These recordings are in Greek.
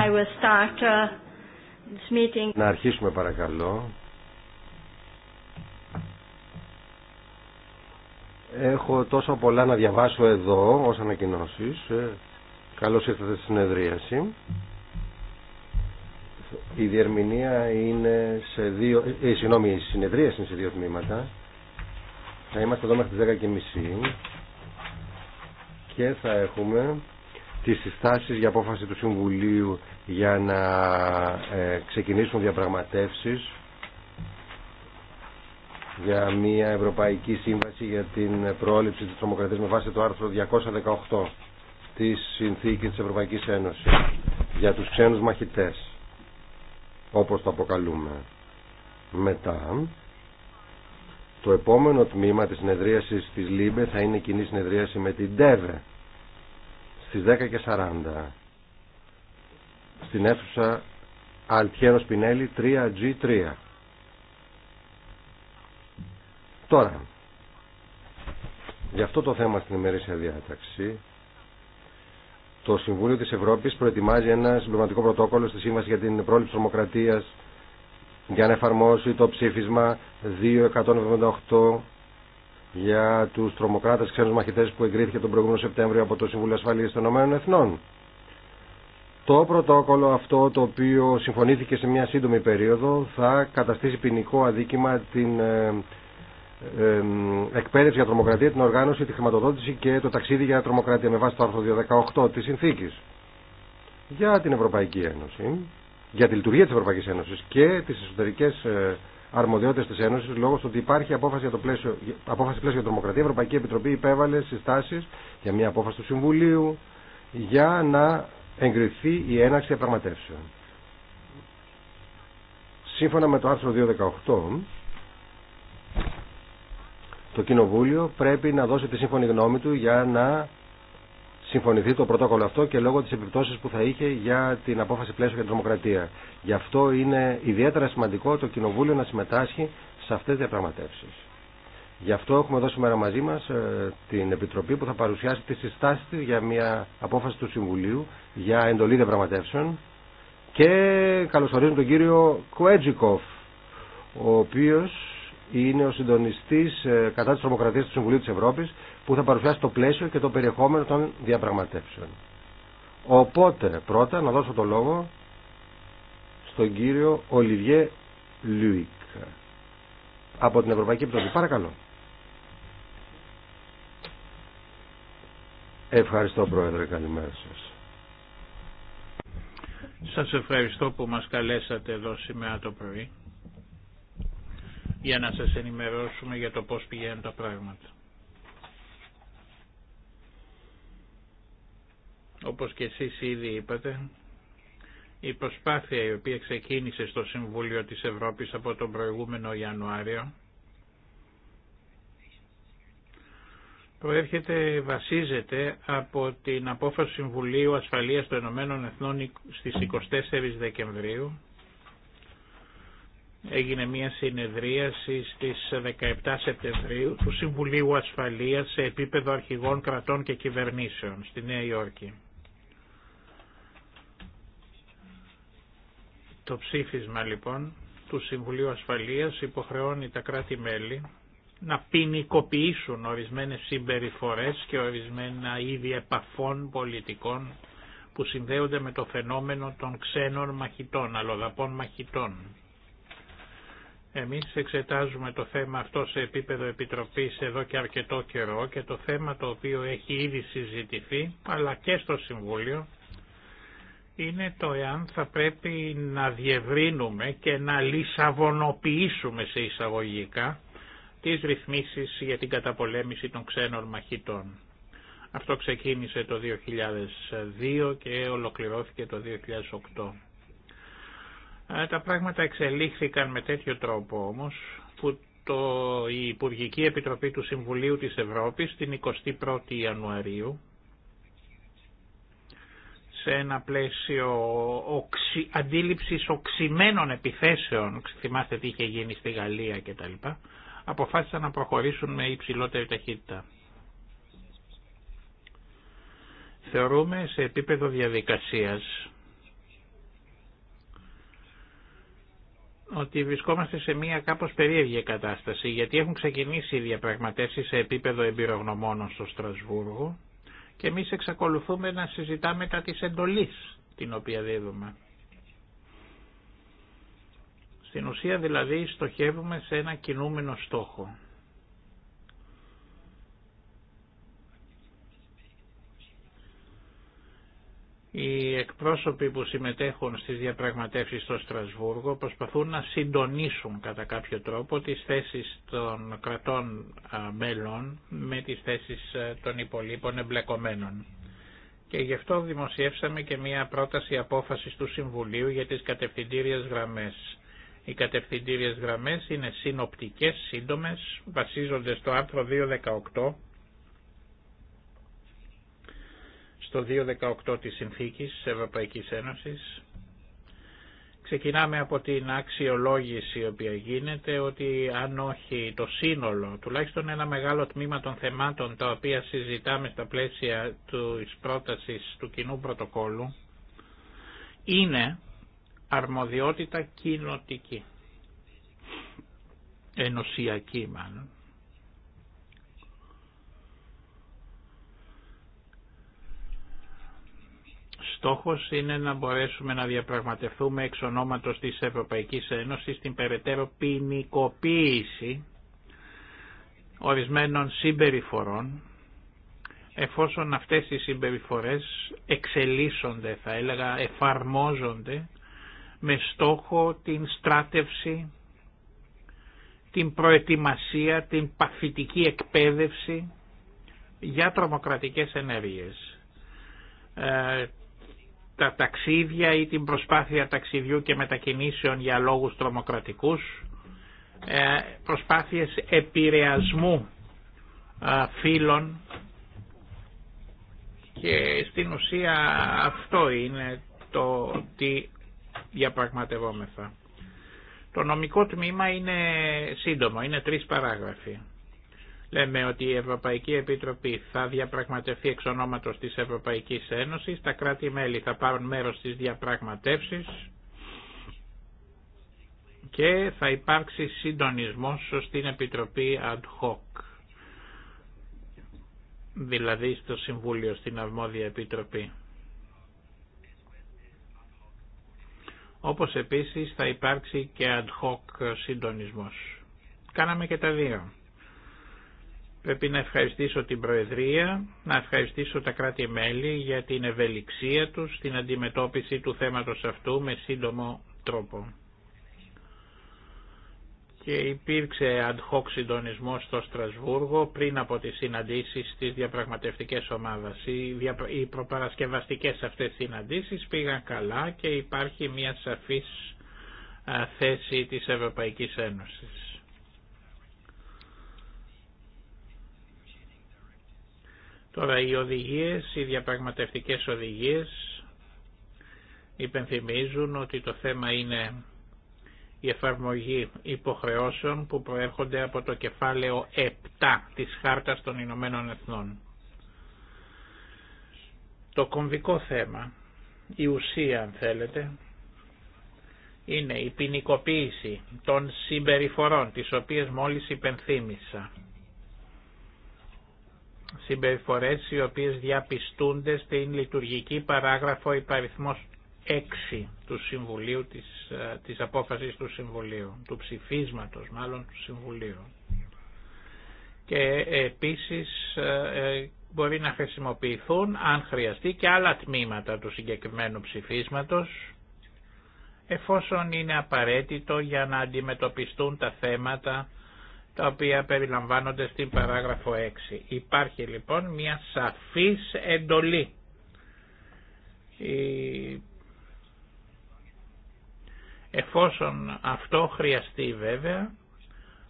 I uh, Να αρχίσουμε παρακαλώ. Έχω τόσο πολλά να διαβάσω εδώ ως ανακοινώσει. Ε, καλώς ήρθατε στη συνεδρίαση. Η διερμηνία είναι σε δύο... Ε, η συνεδρίαση είναι σε δύο τμήματα. Θα είμαστε εδώ μέχρι τις 10.30 και θα έχουμε τις συστάσεις για απόφαση του Συμβουλίου για να ε, ξεκινήσουν διαπραγματεύσεις για μια Ευρωπαϊκή Σύμβαση για την πρόληψη της τρομοκρατίας με βάση το άρθρο 218 της Συνθήκης της Ευρωπαϊκής Ένωσης για τους ξένους μαχητές όπως το αποκαλούμε μετά το επόμενο τμήμα της συνεδρίασης της ΛΥΜΠΕ θα είναι κοινή συνεδρίαση με την ΤΕΒΕ στις 10.40 στην αίθουσα Αλτιέρος Σπινέλη 3G3. Τώρα, για αυτό το θέμα στην ημερήσια διάταξη, το Συμβούλιο της Ευρώπης προετοιμάζει ένα συμπληρωματικό πρωτόκολλο στη Σύμβαση για την Πρόληψη Τρομοκρατίας για να εφαρμόσει το ψήφισμα 278 για του τρομοκράτε ξένου μαχητέ που εγκρίθηκε τον προηγούμενο Σεπτέμβριο από το Συμβούλιο Ασφαλεία των Ηνωμένων Εθνών. Το πρωτόκολλο αυτό το οποίο συμφωνήθηκε σε μια σύντομη περίοδο θα καταστήσει ποινικό αδίκημα την ε, ε, ε, εκπαίδευση για τρομοκρατία, την οργάνωση, τη χρηματοδότηση και το ταξίδι για τρομοκρατία με βάση το άρθρο 218 τη συνθήκη. για την Ευρωπαϊκή Ένωση, για τη λειτουργία τη Ευρωπαϊκή Ένωση και τις εσωτερικές αρμοδιότητε τη Ένωση λόγω του ότι υπάρχει απόφαση, για το πλαίσιο, απόφαση πλαίσιο για τρομοκρατία. Η Ευρωπαϊκή Επιτροπή υπέβαλε συστάσει για μια απόφαση του Συμβουλίου για να εγκριθεί η έναξη διαπραγματεύσεων. Σύμφωνα με το άρθρο 218, το Κοινοβούλιο πρέπει να δώσει τη σύμφωνη γνώμη του για να συμφωνηθεί το πρωτόκολλο αυτό και λόγω τη επιπτώσεις που θα είχε για την απόφαση πλαίσιο για την δημοκρατία. Γι' αυτό είναι ιδιαίτερα σημαντικό το Κοινοβούλιο να συμμετάσχει σε αυτέ τις διαπραγματεύσει. Γι' αυτό έχουμε εδώ σήμερα μαζί μας ε, την Επιτροπή που θα παρουσιάσει τη συστάση τη για μια απόφαση του Συμβουλίου για εντολή διαπραγματεύσεων και καλωσορίζουμε τον κύριο Κουέτζικοφ, ο οποίο είναι ο συντονιστής ε, κατά τη τρομοκρατία του Συμβουλίου τη Ευρώπη που θα παρουσιάσει το πλαίσιο και το περιεχόμενο των διαπραγματεύσεων. Οπότε πρώτα να δώσω το λόγο στον κύριο Ολιβιέ Λουίκ από την Ευρωπαϊκή Επιτροπή. Παρακαλώ. Ευχαριστώ Πρόεδρε, καλημέρα σας. Σας ευχαριστώ που μας καλέσατε εδώ σήμερα το πρωί για να σας ενημερώσουμε για το πώς πηγαίνουν τα πράγματα. Όπως και εσείς ήδη είπατε, η προσπάθεια η οποία ξεκίνησε στο Συμβούλιο της Ευρώπης από τον προηγούμενο Ιανουάριο προέρχεται, βασίζεται από την απόφαση Συμβουλίου Ασφαλείας των Ηνωμένων Εθνών στις 24 Δεκεμβρίου. Έγινε μια συνεδρίαση στις 17 Σεπτεμβρίου του Συμβουλίου Ασφαλείας σε επίπεδο αρχηγών κρατών και κυβερνήσεων στη Νέα Υόρκη. Το ψήφισμα λοιπόν του Συμβουλίου Ασφαλείας υποχρεώνει τα κράτη-μέλη να ποινικοποιήσουν ορισμένες συμπεριφορές και ορισμένα είδη επαφών πολιτικών που συνδέονται με το φαινόμενο των ξένων μαχητών, αλλοδαπών μαχητών. Εμείς εξετάζουμε το θέμα αυτό σε επίπεδο επιτροπής εδώ και αρκετό καιρό και το θέμα το οποίο έχει ήδη συζητηθεί αλλά και στο Συμβούλιο είναι το εάν θα πρέπει να διευρύνουμε και να λισαβονοποιήσουμε σε εισαγωγικά τις ρυθμίσεις για την καταπολέμηση των ξένων μαχητών. Αυτό ξεκίνησε το 2002 και ολοκληρώθηκε το 2008. Ε, τα πράγματα εξελίχθηκαν με τέτοιο τρόπο όμως που το, η Υπουργική Επιτροπή του Συμβουλίου της Ευρώπης την 21η Ιανουαρίου σε ένα πλαίσιο οξυ, αντίληψης οξυμένων επιθέσεων, θυμάστε τι είχε γίνει στη Γαλλία κτλ, αποφάσισαν να προχωρήσουν με υψηλότερη ταχύτητα. Θεωρούμε σε επίπεδο διαδικασίας ότι βρισκόμαστε σε μια κάπως περίεργη κατάσταση, γιατί έχουν ξεκινήσει οι διαπραγματεύσεις σε επίπεδο εμπειρογνωμόνων στο Στρασβούργο, και εμείς εξακολουθούμε να συζητάμε κατά της εντολής την οποία δίδουμε. Στην ουσία δηλαδή στοχεύουμε σε ένα κινούμενο στόχο. Οι εκπρόσωποι που συμμετέχουν στις διαπραγματεύσεις στο Στρασβούργο προσπαθούν να συντονίσουν κατά κάποιο τρόπο τις θέσεις των κρατών μέλων με τις θέσεις των υπολείπων εμπλεκομένων. Και γι' αυτό δημοσιεύσαμε και μία πρόταση απόφασης του Συμβουλίου για τις κατευθυντήριες γραμμές. Οι κατευθυντήριες γραμμές είναι συνοπτικές, σύντομες, βασίζονται στο άρθρο 218 στο 2.18 της Συνθήκης της Ευρωπαϊκής Ένωσης. Ξεκινάμε από την αξιολόγηση η οποία γίνεται ότι αν όχι το σύνολο, τουλάχιστον ένα μεγάλο τμήμα των θεμάτων τα οποία συζητάμε στα πλαίσια της πρότασης του κοινού πρωτοκόλου, είναι αρμοδιότητα κοινοτική, ενωσιακή μάλλον. στόχος είναι να μπορέσουμε να διαπραγματευτούμε εξ ονόματος της Ευρωπαϊκής Ένωσης την περαιτέρω ποινικοποίηση ορισμένων συμπεριφορών εφόσον αυτές οι συμπεριφορές εξελίσσονται, θα έλεγα εφαρμόζονται με στόχο την στράτευση, την προετοιμασία, την παθητική εκπαίδευση για τρομοκρατικές ενέργειες. Ε, τα ταξίδια ή την προσπάθεια ταξιδιού και μετακινήσεων για λόγους τρομοκρατικούς, ε, προσπάθειες επηρεασμού ε, φύλων και στην ουσία αυτό είναι το τι διαπραγματευόμεθα. Το νομικό τμήμα είναι σύντομο, είναι τρεις παράγραφοι. Λέμε ότι η Ευρωπαϊκή Επιτροπή θα διαπραγματευτεί εξ ονόματος της Ευρωπαϊκής Ένωσης, τα κράτη-μέλη θα πάρουν μέρος στις διαπραγματεύσεις και θα υπάρξει συντονισμός στην Επιτροπή ad hoc, δηλαδή στο Συμβούλιο στην Αρμόδια Επιτροπή. Όπως επίσης θα υπάρξει και ad hoc συντονισμός. Κάναμε και τα δύο. Πρέπει να ευχαριστήσω την Προεδρία, να ευχαριστήσω τα κράτη-μέλη για την ευελιξία τους στην αντιμετώπιση του θέματος αυτού με σύντομο τρόπο. Και υπήρξε ad hoc συντονισμό στο Στρασβούργο πριν από τις συναντήσεις της διαπραγματευτικής ομάδας. Οι προπαρασκευαστικές αυτές συναντήσεις πήγαν καλά και υπάρχει μια σαφής θέση της Ευρωπαϊκής Ένωσης. Τώρα οι οδηγίες, οι διαπραγματευτικές οδηγίες υπενθυμίζουν ότι το θέμα είναι η εφαρμογή υποχρεώσεων που προέρχονται από το κεφάλαιο 7 της Χάρτας των Ηνωμένων Εθνών. Το κομβικό θέμα, η ουσία αν θέλετε, είναι η ποινικοποίηση των συμπεριφορών, τις οποίες μόλις υπενθύμησα συμπεριφορές οι οποίες διαπιστούνται στην λειτουργική παράγραφο υπαριθμός 6 του Συμβουλίου, της, ε, της απόφασης του Συμβουλίου, του ψηφίσματος μάλλον του Συμβουλίου. Και επίσης ε, ε, μπορεί να χρησιμοποιηθούν αν χρειαστεί και άλλα τμήματα του συγκεκριμένου ψηφίσματος εφόσον είναι απαραίτητο για να αντιμετωπιστούν τα θέματα τα οποία περιλαμβάνονται στην παράγραφο 6. Υπάρχει λοιπόν μια σαφής εντολή. Εφόσον αυτό χρειαστεί βέβαια,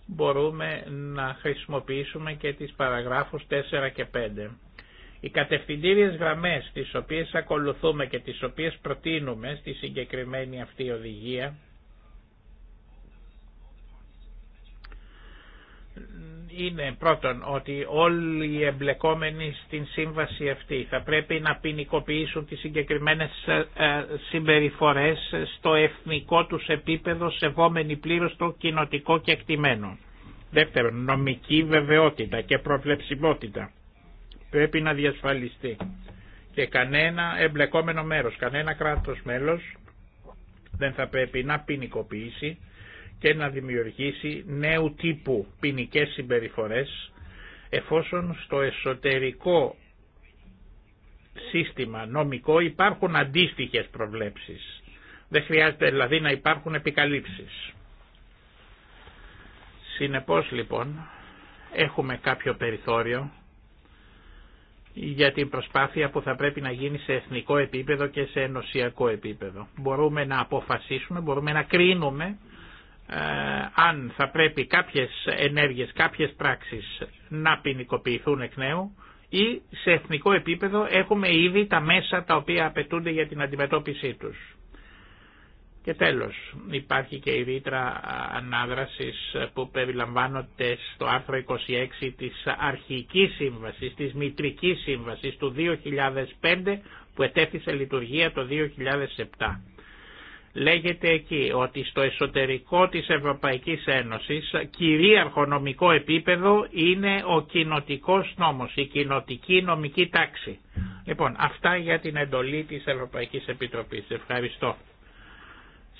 μπορούμε να χρησιμοποιήσουμε και τις παραγράφους 4 και 5. Οι κατευθυντήριες γραμμές τις οποίες ακολουθούμε και τις οποίες προτείνουμε στη συγκεκριμένη αυτή οδηγία είναι πρώτον ότι όλοι οι εμπλεκόμενοι στην σύμβαση αυτή θα πρέπει να ποινικοποιήσουν τις συγκεκριμένες ε, ε, συμπεριφορές στο εθνικό τους επίπεδο σεβόμενοι πλήρως το κοινοτικό και εκτιμένο. Δεύτερον, νομική βεβαιότητα και προβλεψιμότητα πρέπει να διασφαλιστεί και κανένα εμπλεκόμενο μέρος, κανένα κράτος μέλος δεν θα πρέπει να ποινικοποιήσει και να δημιουργήσει νέου τύπου ποινικέ συμπεριφορές εφόσον στο εσωτερικό σύστημα νομικό υπάρχουν αντίστοιχες προβλέψεις. Δεν χρειάζεται δηλαδή να υπάρχουν επικαλύψεις. Συνεπώς λοιπόν έχουμε κάποιο περιθώριο για την προσπάθεια που θα πρέπει να γίνει σε εθνικό επίπεδο και σε ενωσιακό επίπεδο. Μπορούμε να αποφασίσουμε, μπορούμε να κρίνουμε ε, αν θα πρέπει κάποιες ενέργειες, κάποιες πράξεις να ποινικοποιηθούν εκ νέου ή σε εθνικό επίπεδο έχουμε ήδη τα μέσα τα οποία απαιτούνται για την αντιμετώπιση τους. Και τέλος, υπάρχει και η ρήτρα ανάδρασης που περιλαμβάνονται στο άρθρο 26 της αρχικής σύμβασης, της μητρικής σύμβασης του 2005 που ετέθησε λειτουργία το 2007. Λέγεται εκεί ότι στο εσωτερικό της Ευρωπαϊκής Ένωσης κυρίαρχο νομικό επίπεδο είναι ο κοινοτικό νόμος, η κοινοτική νομική τάξη. Λοιπόν, αυτά για την εντολή της Ευρωπαϊκής Επιτροπής. Ευχαριστώ.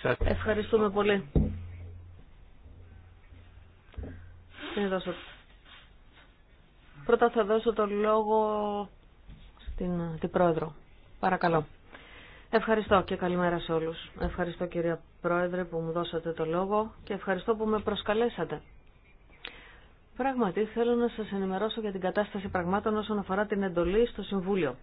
Σας... Ευχαριστούμε πολύ. Ε, Πρώτα θα δώσω το λόγο στην, την Πρόεδρο. Παρακαλώ. Ευχαριστώ και καλημέρα σε όλους. Ευχαριστώ κυρία Πρόεδρε που μου δώσατε το λόγο και ευχαριστώ που με προσκαλέσατε. Πράγματι θέλω να σας ενημερώσω για την κατάσταση πραγμάτων όσον αφορά την εντολή στο Συμβούλιο.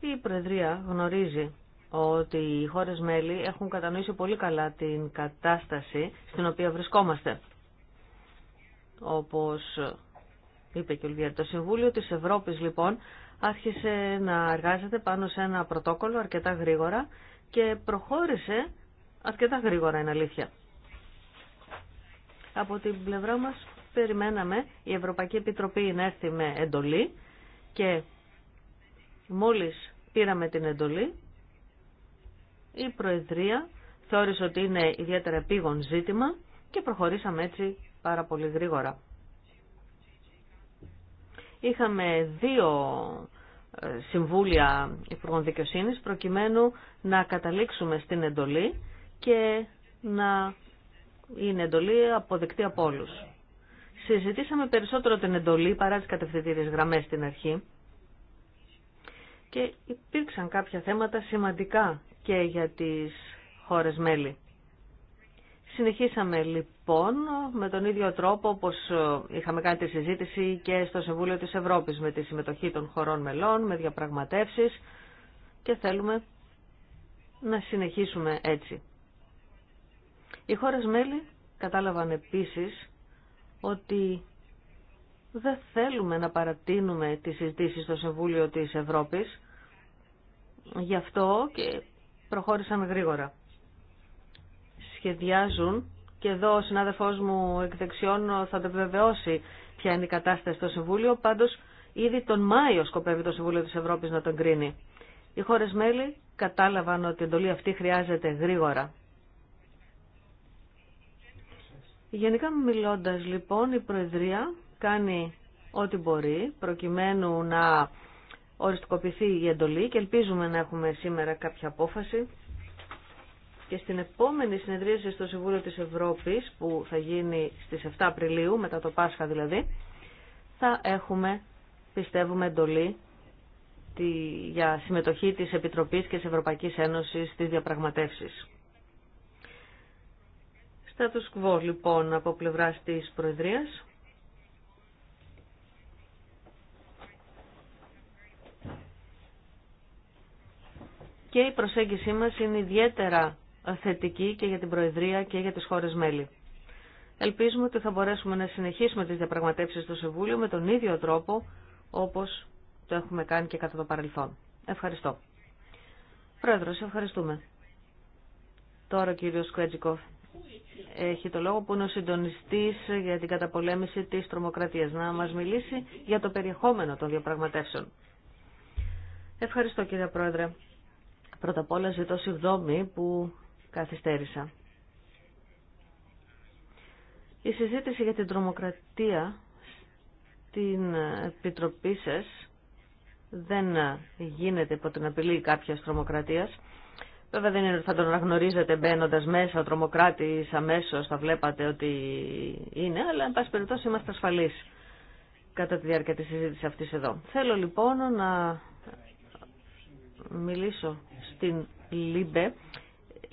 Η Προεδρία γνωρίζει ότι οι χώρες μέλη έχουν κατανοήσει πολύ καλά την κατάσταση στην οποία βρισκόμαστε. Όπως είπε και ο το Συμβούλιο της Ευρώπης λοιπόν άρχισε να εργάζεται πάνω σε ένα πρωτόκολλο αρκετά γρήγορα και προχώρησε αρκετά γρήγορα, είναι αλήθεια. Από την πλευρά μας περιμέναμε η Ευρωπαϊκή Επιτροπή να έρθει με εντολή και μόλις πήραμε την εντολή, η Προεδρία θεώρησε ότι είναι ιδιαίτερα επίγον ζήτημα και προχωρήσαμε έτσι πάρα πολύ γρήγορα. Είχαμε δύο συμβούλια Υπουργών Δικαιοσύνη προκειμένου να καταλήξουμε στην εντολή και να είναι εντολή αποδεκτή από όλου. Συζητήσαμε περισσότερο την εντολή παρά τις κατευθυντήριες γραμμές στην αρχή και υπήρξαν κάποια θέματα σημαντικά και για τις χώρες μέλη. Συνεχίσαμε λοιπόν με τον ίδιο τρόπο όπως ε, είχαμε κάνει τη συζήτηση και στο Συμβούλιο της Ευρώπης με τη συμμετοχή των χωρών μελών, με διαπραγματεύσεις και θέλουμε να συνεχίσουμε έτσι. Οι χώρες μέλη κατάλαβαν επίσης ότι δεν θέλουμε να παρατείνουμε τη συζήτηση στο Συμβούλιο της Ευρώπης, γι' αυτό και προχώρησαν γρήγορα σχεδιάζουν και εδώ ο συνάδελφός μου εκ δεξιών θα το επιβεβαιώσει ποια είναι η κατάσταση στο Συμβούλιο. Πάντως ήδη τον Μάιο σκοπεύει το Συμβούλιο της Ευρώπης να τον κρίνει. Οι χώρες μέλη κατάλαβαν ότι η εντολή αυτή χρειάζεται γρήγορα. Γενικά μιλώντας λοιπόν η Προεδρία κάνει ό,τι μπορεί προκειμένου να οριστικοποιηθεί η εντολή και ελπίζουμε να έχουμε σήμερα κάποια απόφαση και στην επόμενη συνεδρίαση στο Συμβούλιο της Ευρώπης που θα γίνει στις 7 Απριλίου, μετά το Πάσχα δηλαδή, θα έχουμε, πιστεύουμε, εντολή τη, για συμμετοχή της Επιτροπής και της Ευρωπαϊκής Ένωσης στις διαπραγματεύσεις. τους κβό λοιπόν από πλευράς της Προεδρίας. Και η προσέγγιση μας είναι ιδιαίτερα θετική και για την Προεδρία και για τις χώρες μέλη. Ελπίζουμε ότι θα μπορέσουμε να συνεχίσουμε τις διαπραγματεύσεις στο Συμβούλιο με τον ίδιο τρόπο όπως το έχουμε κάνει και κατά το παρελθόν. Ευχαριστώ. Πρόεδρος, ευχαριστούμε. Τώρα ο κύριος Κουέτζικοφ έχει το λόγο που είναι ο συντονιστής για την καταπολέμηση της τρομοκρατίας να μας μιλήσει για το περιεχόμενο των διαπραγματεύσεων. Ευχαριστώ κύριε Πρόεδρε. Πρώτα απ' όλα ζητώ συγγνώμη που καθυστέρησα. Η συζήτηση για την τρομοκρατία στην Επιτροπή σα δεν γίνεται υπό την απειλή κάποιας τρομοκρατίας. Βέβαια δεν είναι ότι θα τον αναγνωρίζετε μπαίνοντα μέσα ο τρομοκράτη αμέσω, θα βλέπατε ότι είναι, αλλά εν πάση περιπτώσει είμαστε ασφαλεί κατά τη διάρκεια τη συζήτηση αυτή εδώ. Θέλω λοιπόν να μιλήσω στην ΛΥΜΠΕ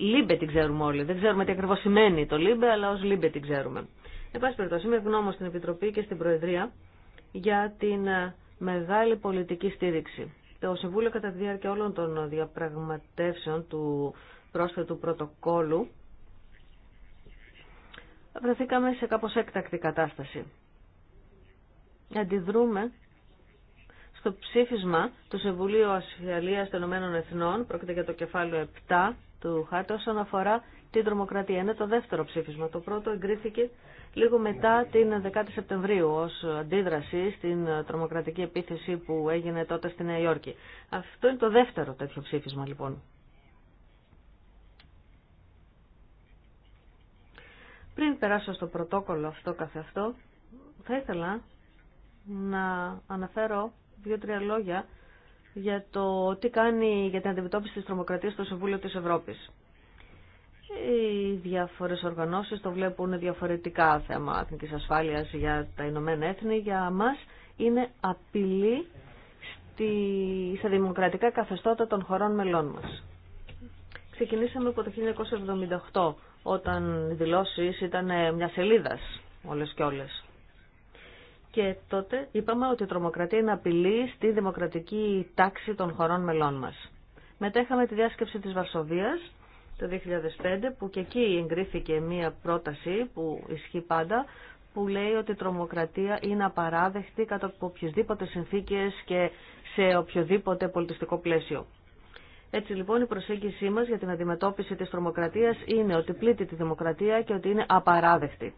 Λίμπε την ξέρουμε όλοι. Δεν ξέρουμε τι ακριβώ σημαίνει το Λίμπε, αλλά ω Λίμπε την ξέρουμε. Εν πάση περιπτώσει, είμαι ευγνώμων στην Επιτροπή και στην Προεδρία για την ε, μεγάλη πολιτική στήριξη. Το Συμβούλιο κατά τη διάρκεια όλων των διαπραγματεύσεων του πρόσθετου πρωτοκόλου βρεθήκαμε σε κάπως έκτακτη κατάσταση. Αντιδρούμε στο ψήφισμα του Συμβουλίου Ασφαλείας των Ηνωμένων Εθνών, πρόκειται για το κεφάλαιο 7, του χάρτη όσον αφορά την τρομοκρατία. Είναι το δεύτερο ψήφισμα. Το πρώτο εγκρίθηκε λίγο μετά την 10η Σεπτεμβρίου ως αντίδραση στην τρομοκρατική επίθεση που έγινε τότε στη Νέα Υόρκη. Αυτό είναι το δεύτερο τέτοιο ψήφισμα λοιπόν. Πριν περάσω στο πρωτόκολλο αυτό καθε αυτό, θα ήθελα να αναφέρω δύο-τρία λόγια για το τι κάνει για την αντιμετώπιση της τρομοκρατίας στο Συμβούλιο της Ευρώπης. Οι διάφορες οργανώσεις το βλέπουν διαφορετικά θέμα εθνικής ασφάλειας για τα Ηνωμένα Έθνη. Για μας είναι απειλή στη, στα δημοκρατικά καθεστώτα των χωρών μελών μας. Ξεκινήσαμε από το 1978, όταν οι δηλώσεις ήταν μια σελίδας όλες και όλες. Και τότε είπαμε ότι η τρομοκρατία είναι απειλή στη δημοκρατική τάξη των χωρών μελών μας. Μετά είχαμε τη διάσκεψη της Βαρσοβίας το 2005 που και εκεί εγκρίθηκε μία πρόταση που ισχύει πάντα που λέει ότι η τρομοκρατία είναι απαράδεκτη κατά οποιασδήποτε συνθήκες και σε οποιοδήποτε πολιτιστικό πλαίσιο. Έτσι λοιπόν η προσέγγιση μας για την αντιμετώπιση της τρομοκρατίας είναι ότι πλήττει τη δημοκρατία και ότι είναι απαράδεκτη.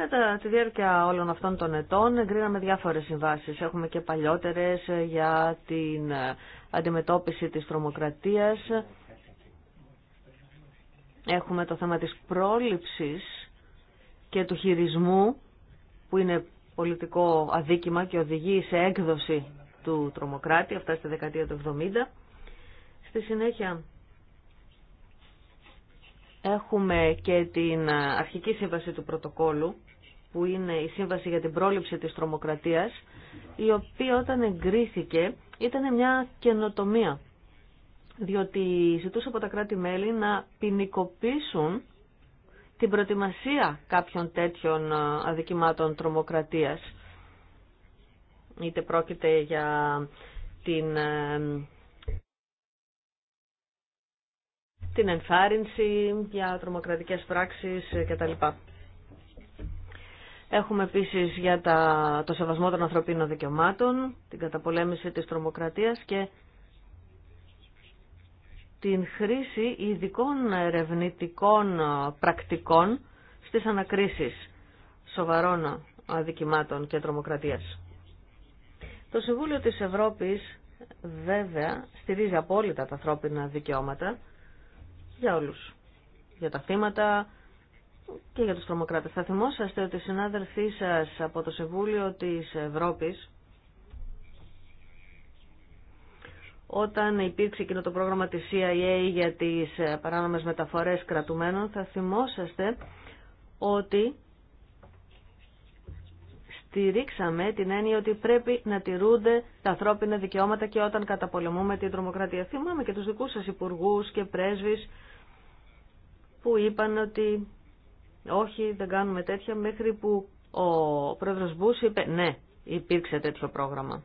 Κατά τη διάρκεια όλων αυτών των ετών εγκρίναμε διάφορες συμβάσεις. Έχουμε και παλιότερες για την αντιμετώπιση της τρομοκρατίας. Έχουμε το θέμα της πρόληψης και του χειρισμού που είναι πολιτικό αδίκημα και οδηγεί σε έκδοση του τρομοκράτη, αυτά στη δεκαετία του 70. Στη συνέχεια έχουμε και την αρχική σύμβαση του πρωτοκόλου που είναι η Σύμβαση για την Πρόληψη της Τρομοκρατίας, η οποία όταν εγκρίθηκε ήταν μια καινοτομία, διότι ζητούσε από τα κράτη-μέλη να ποινικοποιήσουν την προετοιμασία κάποιων τέτοιων ε, αδικημάτων τρομοκρατίας. Είτε πρόκειται για την, ε, την ενθάρρυνση, για τρομοκρατικές πράξεις ε, κτλ. Έχουμε επίσης για το σεβασμό των ανθρωπίνων δικαιωμάτων, την καταπολέμηση της τρομοκρατίας και την χρήση ειδικών ερευνητικών πρακτικών στις ανακρίσεις σοβαρών αδικημάτων και τρομοκρατίας. Το Συμβούλιο της Ευρώπης βέβαια στηρίζει απόλυτα τα ανθρώπινα δικαιώματα για όλους. Για τα θύματα, και για τους τρομοκράτες. Θα θυμόσαστε ότι οι συνάδελφοί σας από το Συμβούλιο της Ευρώπης όταν υπήρξε εκείνο το πρόγραμμα της CIA για τις ε, παράνομες μεταφορές κρατουμένων θα θυμόσαστε ότι στηρίξαμε την έννοια ότι πρέπει να τηρούνται τα ανθρώπινα δικαιώματα και όταν καταπολεμούμε την τρομοκρατία. Θυμάμαι και τους δικούς σας υπουργούς και πρέσβεις που είπαν ότι όχι δεν κάνουμε τέτοια μέχρι που ο πρόεδρος Μπούς είπε ναι υπήρξε τέτοιο πρόγραμμα.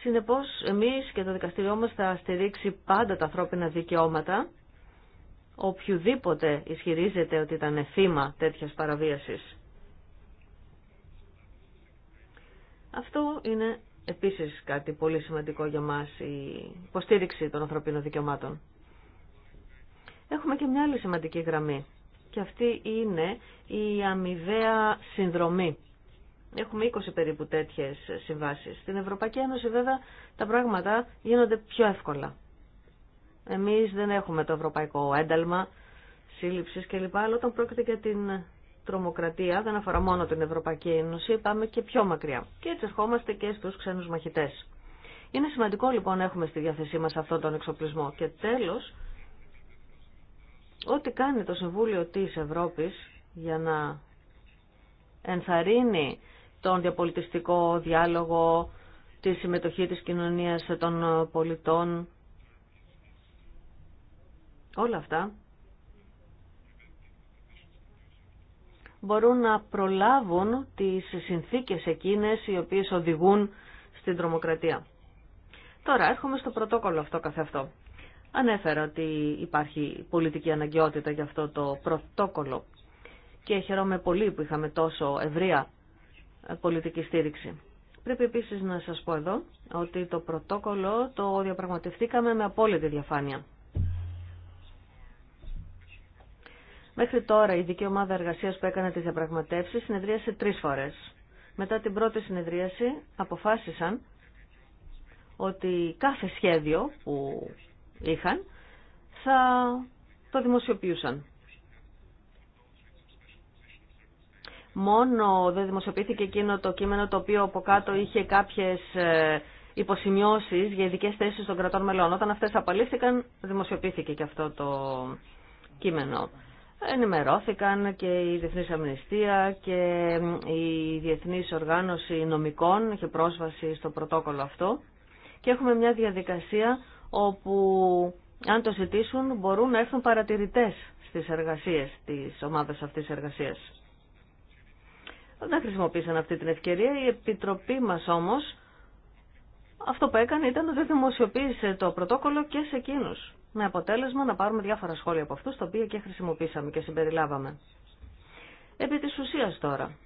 Συνεπώς εμείς και το δικαστήριό μας θα στηρίξει πάντα τα ανθρώπινα δικαιώματα οποιοδήποτε ισχυρίζεται ότι ήταν θύμα τέτοιας παραβίασης. Αυτό είναι επίσης κάτι πολύ σημαντικό για μας, η υποστήριξη των ανθρωπίνων δικαιωμάτων. Έχουμε και μια άλλη σημαντική γραμμή και αυτή είναι η αμοιβαία συνδρομή. Έχουμε 20 περίπου τέτοιες συμβάσεις. Στην Ευρωπαϊκή Ένωση βέβαια τα πράγματα γίνονται πιο εύκολα. Εμείς δεν έχουμε το ευρωπαϊκό ένταλμα σύλληψης κλπ. Αλλά όταν πρόκειται για την τρομοκρατία, δεν αφορά μόνο την Ευρωπαϊκή Ένωση, πάμε και πιο μακριά. Και έτσι ερχόμαστε και στους ξένους μαχητές. Είναι σημαντικό λοιπόν να έχουμε στη διάθεσή μας αυτόν τον εξοπλισμό. Και τέλος, Ό,τι κάνει το Συμβούλιο της Ευρώπης για να ενθαρρύνει τον διαπολιτιστικό διάλογο, τη συμμετοχή της κοινωνίας των πολιτών, όλα αυτά μπορούν να προλάβουν τις συνθήκες εκείνες οι οποίες οδηγούν στην τρομοκρατία. Τώρα έρχομαι στο πρωτόκολλο αυτό καθε αυτό ανέφερα ότι υπάρχει πολιτική αναγκαιότητα για αυτό το πρωτόκολλο και χαιρόμαι πολύ που είχαμε τόσο ευρεία ε, πολιτική στήριξη. Πρέπει επίσης να σας πω εδώ ότι το πρωτόκολλο το διαπραγματευτήκαμε με απόλυτη διαφάνεια. Μέχρι τώρα η δική ομάδα εργασίας που έκανε τις διαπραγματεύσεις συνεδρίασε τρεις φορές. Μετά την πρώτη συνεδρίαση αποφάσισαν ότι κάθε σχέδιο που είχαν, θα το δημοσιοποιούσαν. Μόνο δεν δημοσιοποιήθηκε εκείνο το κείμενο το οποίο από κάτω είχε κάποιες ε, υποσημειώσεις για ειδικέ θέσεις των κρατών μελών. Όταν αυτές απαλήφθηκαν δημοσιοποιήθηκε και αυτό το κείμενο. Ενημερώθηκαν και η Διεθνής Αμνηστία και η Διεθνής Οργάνωση Νομικών είχε πρόσβαση στο πρωτόκολλο αυτό και έχουμε μια διαδικασία όπου αν το ζητήσουν μπορούν να έρθουν παρατηρητές στις εργασίες της ομάδας αυτής της εργασίας. Δεν χρησιμοποίησαν αυτή την ευκαιρία. Η Επιτροπή μας όμως αυτό που έκανε ήταν ότι δημοσιοποίησε το πρωτόκολλο και σε εκείνους. Με αποτέλεσμα να πάρουμε διάφορα σχόλια από αυτούς, τα οποία και χρησιμοποίησαμε και συμπεριλάβαμε. Επί της ουσίας τώρα.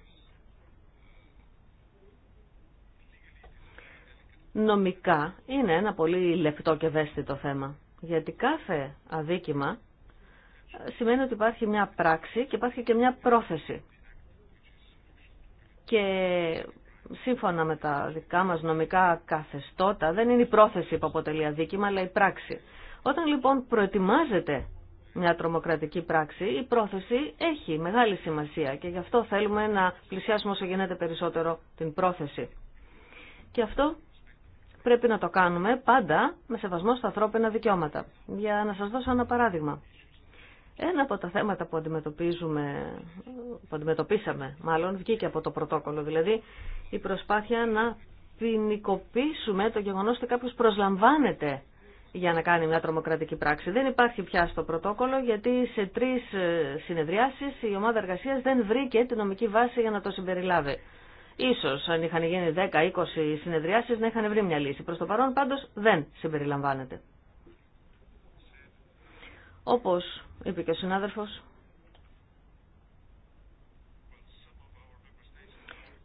νομικά είναι ένα πολύ λεπτό και το θέμα. Γιατί κάθε αδίκημα ε, σημαίνει ότι υπάρχει μια πράξη και υπάρχει και μια πρόθεση. Και σύμφωνα με τα δικά μας νομικά καθεστώτα δεν είναι η πρόθεση που αποτελεί αδίκημα αλλά η πράξη. Όταν λοιπόν προετοιμάζεται μια τρομοκρατική πράξη, η πρόθεση έχει μεγάλη σημασία και γι' αυτό θέλουμε να πλησιάσουμε όσο γίνεται περισσότερο την πρόθεση. Και αυτό πρέπει να το κάνουμε πάντα με σεβασμό στα ανθρώπινα δικαιώματα. Για να σας δώσω ένα παράδειγμα. Ένα από τα θέματα που αντιμετωπίζουμε, που αντιμετωπίσαμε μάλλον, βγήκε από το πρωτόκολλο, δηλαδή η προσπάθεια να ποινικοποιήσουμε το γεγονός ότι κάποιος προσλαμβάνεται για να κάνει μια τρομοκρατική πράξη. Δεν υπάρχει πια στο πρωτόκολλο γιατί σε τρεις ε, συνεδριάσεις η ομάδα εργασίας δεν βρήκε τη νομική βάση για να το συμπεριλάβει. Ίσως αν είχαν γίνει 10-20 συνεδριάσει να είχαν βρει μια λύση. Προ το παρόν πάντως δεν συμπεριλαμβάνεται. Όπω είπε και ο συνάδελφο,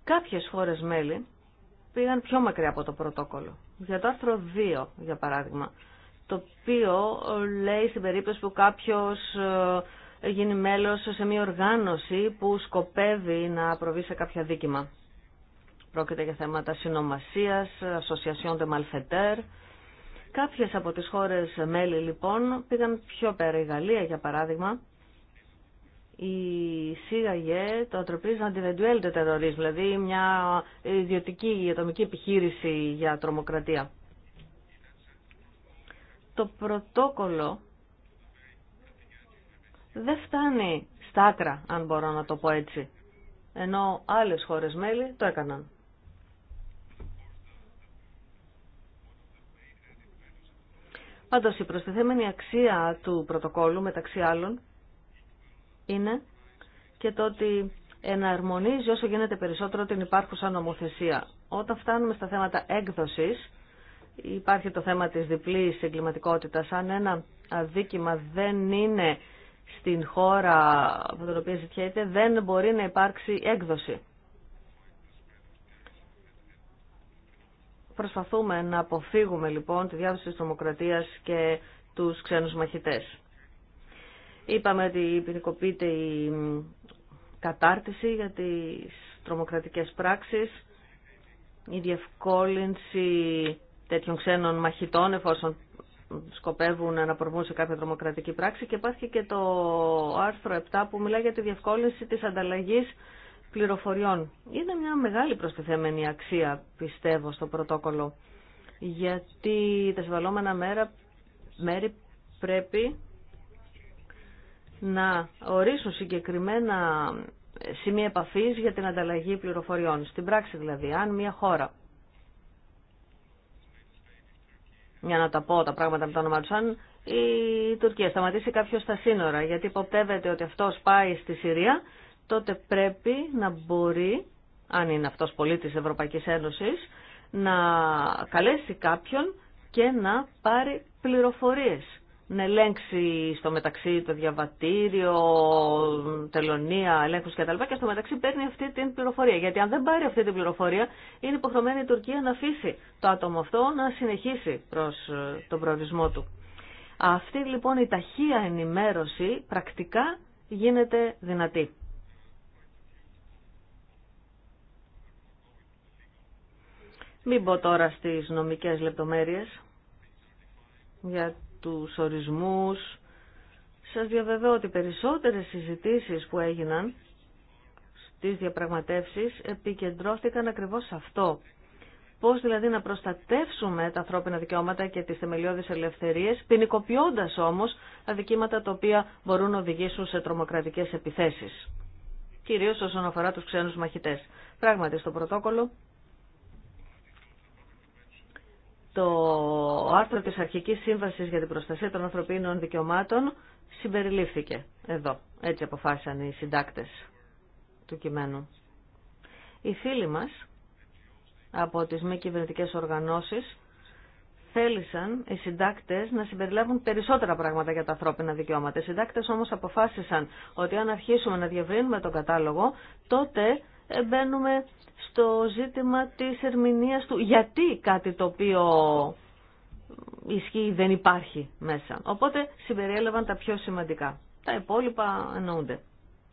κάποιες χώρες μέλη πήγαν πιο μακριά από το πρωτόκολλο. Για το άρθρο 2, για παράδειγμα, το οποίο λέει στην περίπτωση που κάποιος ε, γίνει μέλος σε μια οργάνωση που σκοπεύει να προβεί σε κάποια δίκημα. Πρόκειται για θέματα συνομασίας, ασοσιασιών de malfaiteur. Κάποιες από τι χώρε μέλη λοιπόν πήγαν πιο πέρα. Η Γαλλία για παράδειγμα η ΣΥΓΑΓΕ, το Entreprise να de δηλαδή μια ιδιωτική ατομική επιχείρηση για τρομοκρατία. Το πρωτόκολλο δεν φτάνει στα άκρα, αν μπορώ να το πω έτσι, ενώ άλλες χώρες μέλη το έκαναν. Πάντω η προστιθέμενη αξία του πρωτοκόλου μεταξύ άλλων είναι και το ότι εναρμονίζει όσο γίνεται περισσότερο την υπάρχουσα νομοθεσία. Όταν φτάνουμε στα θέματα έκδοση, υπάρχει το θέμα της διπλής εγκληματικότητα, Αν ένα αδίκημα δεν είναι στην χώρα από την οποία ζητιέται, δεν μπορεί να υπάρξει έκδοση. Προσπαθούμε να αποφύγουμε λοιπόν τη διάδοση της τρομοκρατίας και τους ξένους μαχητές. Είπαμε ότι ποινικοποιείται η κατάρτιση για τις τρομοκρατικές πράξεις, η διευκόλυνση τέτοιων ξένων μαχητών εφόσον σκοπεύουν να προβούν σε κάποια τρομοκρατική πράξη και υπάρχει και το άρθρο 7 που μιλάει για τη διευκόλυνση της ανταλλαγής πληροφοριών. Είναι μια μεγάλη προστιθέμενη αξία, πιστεύω, στο πρωτόκολλο. Γιατί τα συμβαλόμενα μέρα, μέρη πρέπει να ορίσουν συγκεκριμένα σημεία επαφής για την ανταλλαγή πληροφοριών. Στην πράξη δηλαδή, αν μια χώρα, για να τα πω τα πράγματα με το όνομα του, αν η Τουρκία σταματήσει κάποιο στα σύνορα γιατί υποπτεύεται ότι αυτός πάει στη Συρία, τότε πρέπει να μπορεί, αν είναι αυτός πολίτης Ευρωπαϊκής Ένωσης, να καλέσει κάποιον και να πάρει πληροφορίες. Να ελέγξει στο μεταξύ το διαβατήριο, τελωνία, ελέγχου κτλ. Και στο μεταξύ παίρνει αυτή την πληροφορία. Γιατί αν δεν πάρει αυτή την πληροφορία, είναι υποχρεωμένη η Τουρκία να αφήσει το άτομο αυτό να συνεχίσει προ ε, τον προορισμό του. Αυτή λοιπόν η ταχεία ενημέρωση πρακτικά γίνεται δυνατή. Μην πω τώρα στις νομικές λεπτομέρειες για τους ορισμούς. Σας διαβεβαιώ ότι περισσότερες συζητήσεις που έγιναν στις διαπραγματεύσεις επικεντρώθηκαν ακριβώς σε αυτό. Πώς δηλαδή να προστατεύσουμε τα ανθρώπινα δικαιώματα και τις θεμελιώδεις ελευθερίες, ποινικοποιώντα όμως αδικήματα τα οποία μπορούν να οδηγήσουν σε τρομοκρατικές επιθέσεις. Κυρίως όσον αφορά τους ξένους μαχητές. Πράγματι στο πρωτόκολλο το άρθρο της Αρχικής Σύμβασης για την Προστασία των Ανθρωπίνων Δικαιωμάτων συμπεριλήφθηκε εδώ. Έτσι αποφάσισαν οι συντάκτες του κειμένου. Οι φίλοι μας από τις μη κυβερνητικέ οργανώσεις θέλησαν οι συντάκτες να συμπεριλάβουν περισσότερα πράγματα για τα ανθρώπινα δικαιώματα. Οι συντάκτες όμως αποφάσισαν ότι αν αρχίσουμε να διευρύνουμε τον κατάλογο, τότε μπαίνουμε στο ζήτημα της ερμηνείας του γιατί κάτι το οποίο ισχύει δεν υπάρχει μέσα. Οπότε συμπεριέλαβαν τα πιο σημαντικά. Τα υπόλοιπα εννοούνται.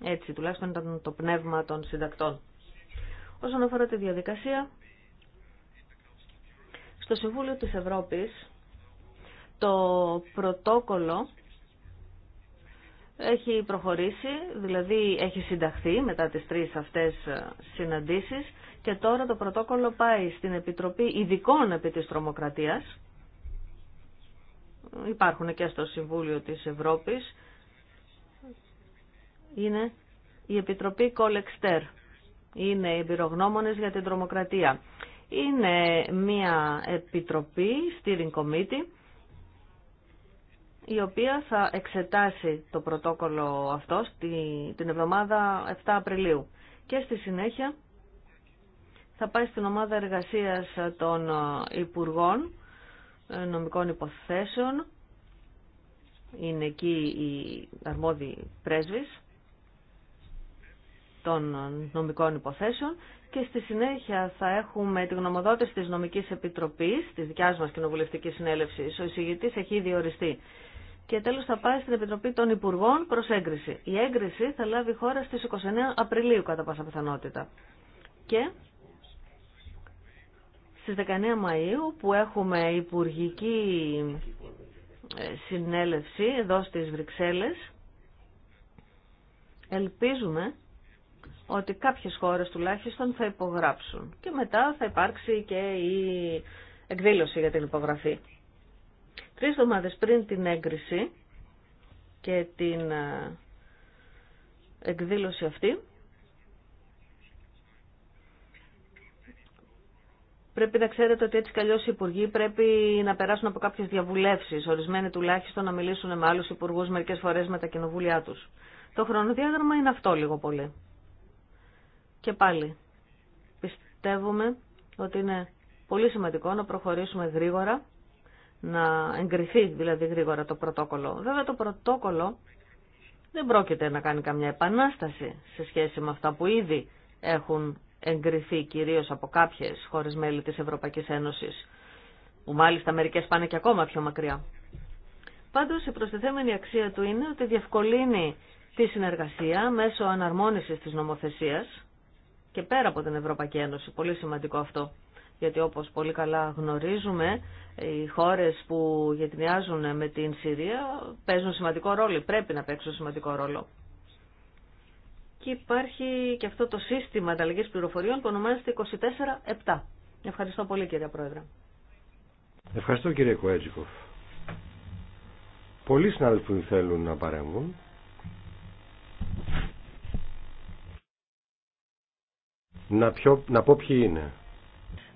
Έτσι τουλάχιστον ήταν το πνεύμα των συντακτών. Όσον αφορά τη διαδικασία, στο Συμβούλιο της Ευρώπης το πρωτόκολλο έχει προχωρήσει, δηλαδή έχει συνταχθεί μετά τις τρεις αυτές ε, συναντήσεις και τώρα το πρωτόκολλο πάει στην Επιτροπή Ειδικών επί της Τρομοκρατίας. Υπάρχουν και στο Συμβούλιο της Ευρώπης. Είναι η Επιτροπή Κολεξτέρ. Είναι οι εμπειρογνώμονες για την τρομοκρατία. Είναι μια επιτροπή, steering committee, η οποία θα εξετάσει το πρωτόκολλο αυτό την εβδομάδα 7 Απριλίου. Και στη συνέχεια θα πάει στην ομάδα εργασίας των ε, Υπουργών ε, Νομικών Υποθέσεων. Είναι εκεί η αρμόδη πρέσβης των ε, νομικών υποθέσεων και στη συνέχεια θα έχουμε τη γνωμοδότηση της Νομικής Επιτροπής, της δικιάς μας Κοινοβουλευτικής Συνέλευσης. Ο εισηγητής έχει ήδη οριστεί και τέλος θα πάει στην Επιτροπή των Υπουργών προς έγκριση. Η έγκριση θα λάβει χώρα στις 29 Απριλίου κατά πάσα πιθανότητα. Και στις 19 Μαΐου που έχουμε υπουργική ε, συνέλευση εδώ στις Βρυξέλλες, ελπίζουμε ότι κάποιες χώρες τουλάχιστον θα υπογράψουν και μετά θα υπάρξει και η εκδήλωση για την υπογραφή. Τρεις εβδομάδες πριν την έγκριση και την ε, εκδήλωση αυτή, Πρέπει να ξέρετε ότι έτσι καλλιώς οι υπουργοί πρέπει να περάσουν από κάποιες διαβουλεύσεις ορισμένοι τουλάχιστον να μιλήσουν με άλλους υπουργού μερικέ φορέ με τα κοινοβούλια τους. Το χρονοδιάγραμμα είναι αυτό λίγο πολύ. Και πάλι, πιστεύουμε ότι είναι πολύ σημαντικό να προχωρήσουμε γρήγορα να εγκριθεί δηλαδή γρήγορα το πρωτόκολλο. Βέβαια το πρωτόκολλο δεν πρόκειται να κάνει καμιά επανάσταση σε σχέση με αυτά που ήδη έχουν εγκριθεί κυρίως από κάποιες χώρες μέλη της Ευρωπαϊκής Ένωσης, που μάλιστα μερικές πάνε και ακόμα πιο μακριά. Πάντως η προστιθέμενη αξία του είναι ότι διευκολύνει τη συνεργασία μέσω αναρμόνισης της νομοθεσίας και πέρα από την Ευρωπαϊκή Ένωση. Πολύ σημαντικό αυτό γιατί όπως πολύ καλά γνωρίζουμε, οι χώρες που γετνιάζουν με την Συρία παίζουν σημαντικό ρόλο, πρέπει να παίξουν σημαντικό ρόλο. Και υπάρχει και αυτό το σύστημα ανταλλαγής πληροφοριών που ονομάζεται 24-7. Ευχαριστώ πολύ κύριε Πρόεδρε. Ευχαριστώ κύριε Κουέτζικοφ. Πολλοί συνάδελφοι θέλουν να παρέμβουν. Να, να πω ποιοι είναι.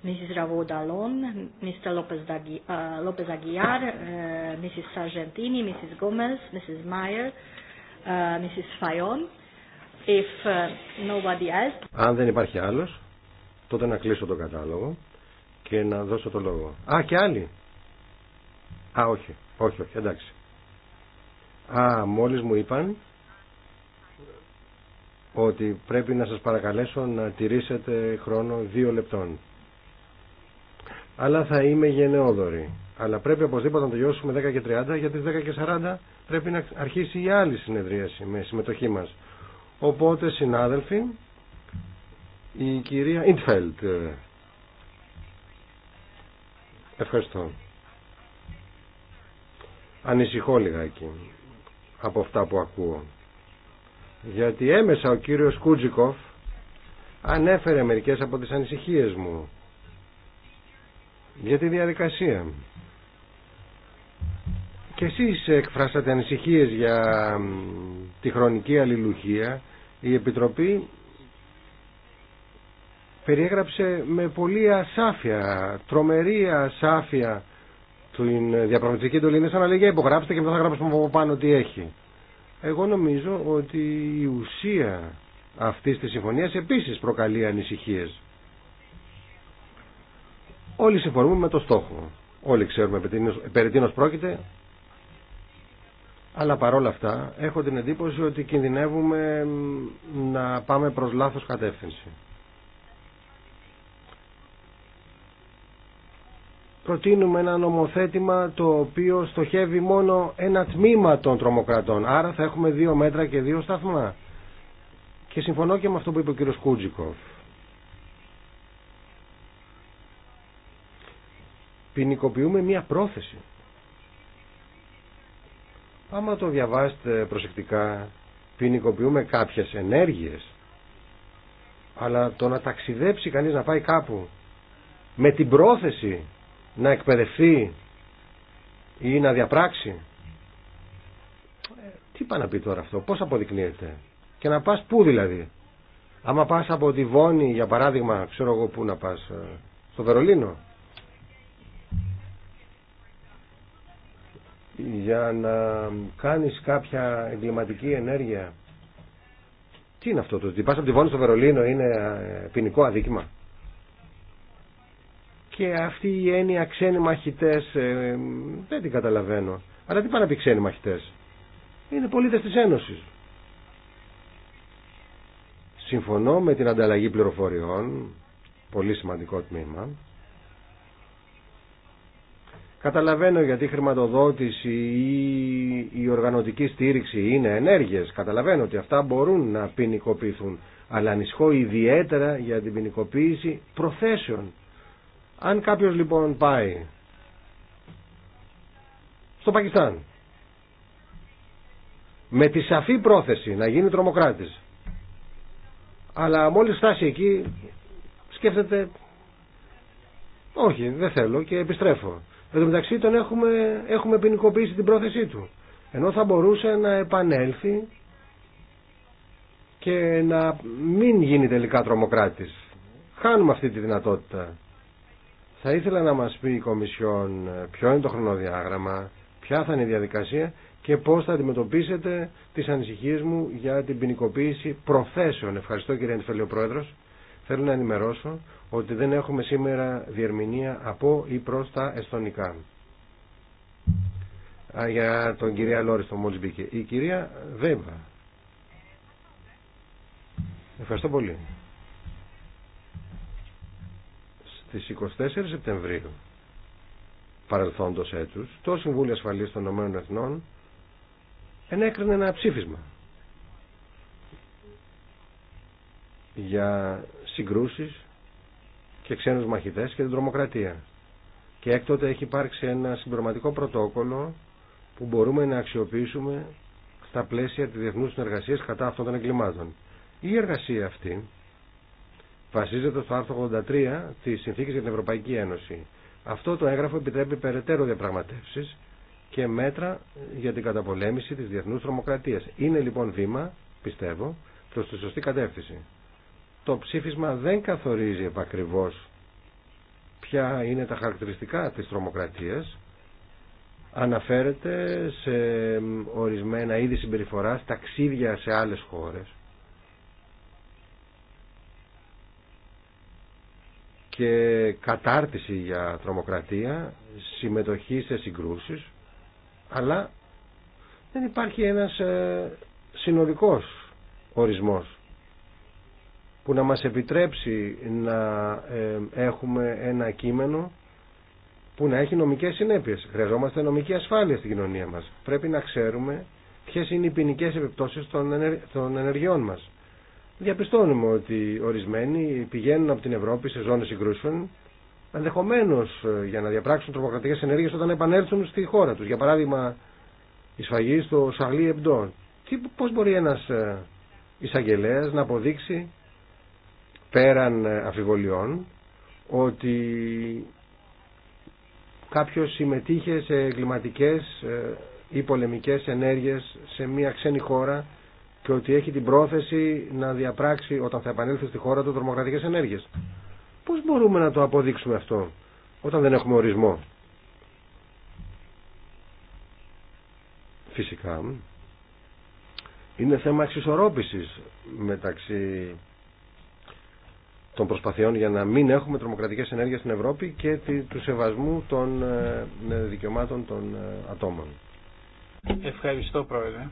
Mrs. Ravo Dallon, Mr. Uh, Lopez Aguiar, uh, Mrs. Sargentini, Mrs. Gomez, Mrs. Meyer, uh, Mrs. Fayon. If nobody else... Αν δεν υπάρχει άλλος, τότε να κλείσω τον κατάλογο και να δώσω το λόγο. Α, και άλλοι. Α, όχι, όχι, όχι, εντάξει. Α, μόλις μου είπαν ότι πρέπει να σας παρακαλέσω να τηρήσετε χρόνο δύο λεπτών αλλά θα είμαι γενναιόδορη. Αλλά πρέπει οπωσδήποτε να τελειώσουμε 10 και 30, γιατί 10 και 40 πρέπει να αρχίσει η άλλη συνεδρίαση με συμμετοχή μας. Οπότε, συνάδελφοι, η κυρία Ιντφέλτ. Ευχαριστώ. Ανησυχώ λιγάκι από αυτά που ακούω. Γιατί έμεσα ο κύριος Κούτζικοφ ανέφερε μερικές από τις ανησυχίες μου για τη διαδικασία. Και εσείς εκφράσατε ανησυχίες για τη χρονική αλληλουχία. Η Επιτροπή περιέγραψε με πολύ ασάφεια, τρομερή ασάφεια την διαπραγματική εντολή. Είναι σαν να λέγει υπογράψτε και μετά θα γράψουμε από πάνω τι έχει. Εγώ νομίζω ότι η ουσία αυτής της συμφωνίας επίσης προκαλεί ανησυχίες. Όλοι συμφωνούμε με το στόχο. Όλοι ξέρουμε περί τίνος πρόκειται. Αλλά παρόλα αυτά έχω την εντύπωση ότι κινδυνεύουμε να πάμε προς λάθος κατεύθυνση. προτείνουμε ένα νομοθέτημα το οποίο στοχεύει μόνο ένα τμήμα των τρομοκρατών. Άρα θα έχουμε δύο μέτρα και δύο σταθμά. Και συμφωνώ και με αυτό που είπε ο κύριος Κούτζικοφ. ποινικοποιούμε μια πρόθεση. Άμα το διαβάσετε προσεκτικά, ποινικοποιούμε κάποιες ενέργειες, αλλά το να ταξιδέψει κανείς να πάει κάπου με την πρόθεση να εκπαιδευτεί ή να διαπράξει, ε, τι πάει να πει τώρα αυτό, πώς αποδεικνύεται και να πας πού δηλαδή. Άμα πας από τη Βόνη, για παράδειγμα, ξέρω εγώ πού να πας, ε, στο Βερολίνο, για να κάνεις κάποια εγκληματική ενέργεια τι είναι αυτό το ότι πας από τη Βόνη στο Βερολίνο είναι ε, ποινικό αδίκημα και αυτή η έννοια ξένοι μαχητές ε, δεν την καταλαβαίνω αλλά τι πάνε να πει ξένοι μαχητές είναι πολίτες της Ένωσης συμφωνώ με την ανταλλαγή πληροφοριών πολύ σημαντικό τμήμα Καταλαβαίνω γιατί η χρηματοδότηση ή η οργανωτική στήριξη είναι ενέργειες. Καταλαβαίνω ότι αυτά μπορούν να ποινικοποιηθούν. Αλλά ανισχώ ιδιαίτερα για την ποινικοποίηση προθέσεων. Αν κάποιος λοιπόν πάει στο Πακιστάν με τη σαφή πρόθεση να γίνει τρομοκράτης αλλά μόλις φτάσει εκεί σκέφτεται όχι δεν θέλω και επιστρέφω Εν τω μεταξύ τον έχουμε, έχουμε ποινικοποιήσει την πρόθεσή του. Ενώ θα μπορούσε να επανέλθει και να μην γίνει τελικά τρομοκράτης. Χάνουμε αυτή τη δυνατότητα. Θα ήθελα να μας πει η Κομισιόν ε, ποιο είναι το χρονοδιάγραμμα, ποια θα είναι η διαδικασία και πώς θα αντιμετωπίσετε τις ανησυχίες μου για την ποινικοποίηση προθέσεων. Ευχαριστώ κύριε Αντιφελείο Πρόεδρος. Θέλω να ενημερώσω ότι δεν έχουμε σήμερα διερμηνία από ή προ τα εστονικά. Για τον κυρία Λόριστο μόλις μπήκε. Η κυρία Βέμβα. Ευχαριστώ πολύ. Στις 24 Σεπτεμβρίου παρελθόντος έτους, το Συμβούλιο Ασφαλείας των Ηνωμένων Εθνών ενέκρινε ένα ψήφισμα για συγκρούσεις και ξένους μαχητές και την τρομοκρατία. Και έκτοτε έχει υπάρξει ένα συμπληρωματικό πρωτόκολλο που μπορούμε να αξιοποιήσουμε στα πλαίσια της διεθνούς συνεργασίας κατά αυτών των εγκλημάτων. Η εργασία αυτή βασίζεται στο άρθρο 83 της Συνθήκης για την Ευρωπαϊκή Ένωση. Αυτό το έγγραφο επιτρέπει περαιτέρω διαπραγματεύσεις και μέτρα για την καταπολέμηση της διεθνούς τρομοκρατίας. Είναι λοιπόν βήμα, πιστεύω, προ τη σωστή κατεύθυνση το ψήφισμα δεν καθορίζει επακριβώς ποια είναι τα χαρακτηριστικά της τρομοκρατίας αναφέρεται σε ορισμένα είδη συμπεριφοράς, ταξίδια σε άλλες χώρες και κατάρτιση για τρομοκρατία, συμμετοχή σε συγκρούσεις, αλλά δεν υπάρχει ένας ε, συνολικός ορισμός που να μας επιτρέψει να ε, έχουμε ένα κείμενο που να έχει νομικές συνέπειες. Χρειαζόμαστε νομική ασφάλεια στην κοινωνία μας. Πρέπει να ξέρουμε ποιες είναι οι ποινικέ επιπτώσεις των ενεργειών μας. Διαπιστώνουμε ότι ορισμένοι πηγαίνουν από την Ευρώπη σε ζώνες συγκρούσεων ενδεχομένω ε, για να διαπράξουν τρομοκρατικέ ενέργειε όταν επανέλθουν στη χώρα του. Για παράδειγμα, η σφαγή στο Σαρλί Εμπντό. Πώ μπορεί ένα ε, εισαγγελέα να αποδείξει πέραν ε, αφιβολιών ότι κάποιος συμμετείχε σε εγκληματικές ε, ή πολεμικές ενέργειες σε μια ξένη χώρα και ότι έχει την πρόθεση να διαπράξει όταν θα επανέλθει στη χώρα του τρομοκρατικές ενέργειες. Πώς μπορούμε να το αποδείξουμε αυτό όταν δεν έχουμε ορισμό. Φυσικά είναι θέμα εξισορρόπησης μεταξύ των προσπαθειών για να μην έχουμε τρομοκρατικές ενέργειες στην Ευρώπη και του σεβασμού των ε, ε, δικαιωμάτων των ε, ατόμων. Ευχαριστώ Πρόεδρε.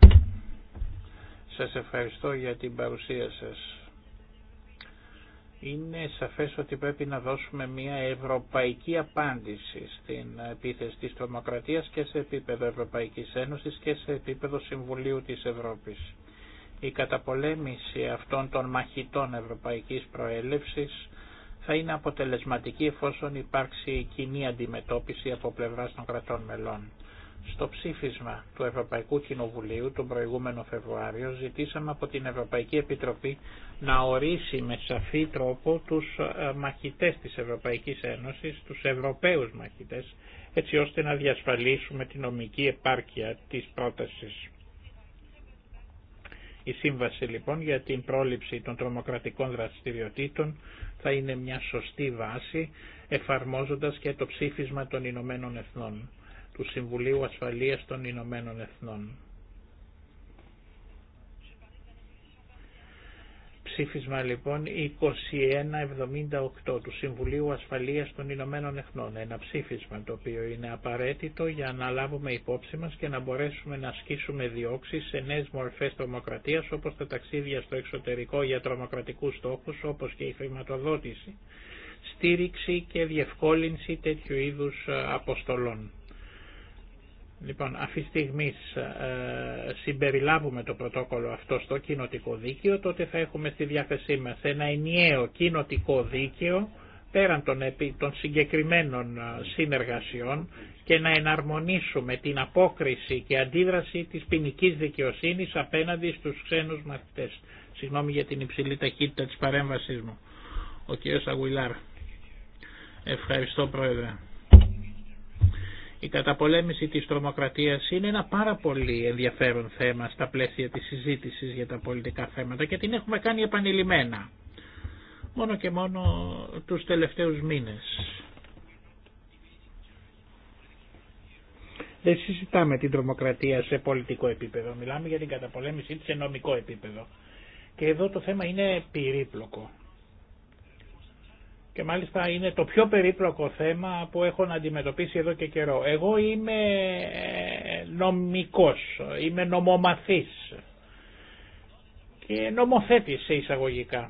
Σας ευχαριστώ για την παρουσία σας. Είναι σαφές ότι πρέπει να δώσουμε μια ευρωπαϊκή απάντηση στην επίθεση της τρομοκρατίας και σε επίπεδο Ευρωπαϊκής Ένωσης και σε επίπεδο Συμβουλίου της Ευρώπης η καταπολέμηση αυτών των μαχητών ευρωπαϊκής προέλευσης θα είναι αποτελεσματική εφόσον υπάρξει κοινή αντιμετώπιση από πλευράς των κρατών μελών. Στο ψήφισμα του Ευρωπαϊκού Κοινοβουλίου τον προηγούμενο Φεβρουάριο ζητήσαμε από την Ευρωπαϊκή Επιτροπή να ορίσει με σαφή τρόπο τους ε, μαχητές της Ευρωπαϊκής Ένωσης, τους Ευρωπαίους μαχητές, έτσι ώστε να διασφαλίσουμε την νομική επάρκεια της πρότασης. Η σύμβαση λοιπόν για την πρόληψη των τρομοκρατικών δραστηριοτήτων θα είναι μια σωστή βάση εφαρμόζοντας και το ψήφισμα των Ηνωμένων Εθνών, του Συμβουλίου Ασφαλείας των Ηνωμένων Εθνών. ψήφισμα λοιπόν 2178 του Συμβουλίου Ασφαλείας των Ηνωμένων Εθνών. Ένα ψήφισμα το οποίο είναι απαραίτητο για να λάβουμε υπόψη μας και να μπορέσουμε να ασκήσουμε διώξεις σε νέες μορφές τρομοκρατίας όπως τα ταξίδια στο εξωτερικό για τρομοκρατικούς στόχους όπως και η χρηματοδότηση, στήριξη και διευκόλυνση τέτοιου είδους ε, αποστολών. Λοιπόν, αυτή τη στιγμή ε, συμπεριλάβουμε το πρωτόκολλο αυτό στο κοινοτικό δίκαιο, τότε θα έχουμε στη διάθεσή μας ένα ενιαίο κοινοτικό δίκαιο πέραν των, των συγκεκριμένων ε, συνεργασιών και να εναρμονίσουμε την απόκριση και αντίδραση της ποινική δικαιοσύνης απέναντι στους ξένους μαθητές. Συγγνώμη για την υψηλή ταχύτητα της παρέμβασής μου. Ο κ. Αγουιλάρ. Ευχαριστώ Πρόεδρε. Η καταπολέμηση της τρομοκρατίας είναι ένα πάρα πολύ ενδιαφέρον θέμα στα πλαίσια της συζήτησης για τα πολιτικά θέματα και την έχουμε κάνει επανειλημμένα. Μόνο και μόνο τους τελευταίους μήνες. Δεν συζητάμε την τρομοκρατία σε πολιτικό επίπεδο, μιλάμε για την καταπολέμησή της σε νομικό επίπεδο. Και εδώ το θέμα είναι περίπλοκο και μάλιστα είναι το πιο περίπλοκο θέμα που έχω να αντιμετωπίσει εδώ και καιρό. Εγώ είμαι ε, νομικός, είμαι νομομαθής και νομοθέτης σε εισαγωγικά.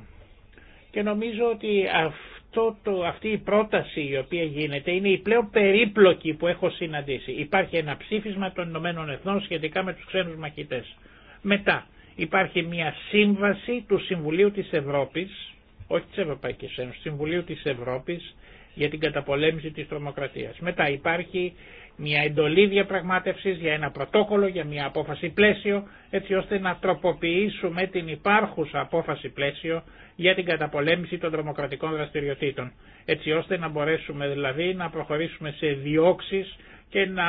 Και νομίζω ότι αυτό το, αυτή η πρόταση η οποία γίνεται είναι η πλέον περίπλοκη που έχω συναντήσει. Υπάρχει ένα ψήφισμα των Ηνωμένων Εθνών σχετικά με τους ξένους μαχητές. Μετά υπάρχει μια σύμβαση του Συμβουλίου της Ευρώπης όχι της Ευρωπαϊκής Ένωση, Συμβουλίου της Ευρώπης για την καταπολέμηση της τρομοκρατίας. Μετά υπάρχει μια εντολή διαπραγμάτευση για ένα πρωτόκολλο, για μια απόφαση πλαίσιο, έτσι ώστε να τροποποιήσουμε την υπάρχουσα απόφαση πλαίσιο για την καταπολέμηση των τρομοκρατικών δραστηριοτήτων. Έτσι ώστε να μπορέσουμε δηλαδή να προχωρήσουμε σε διώξει και να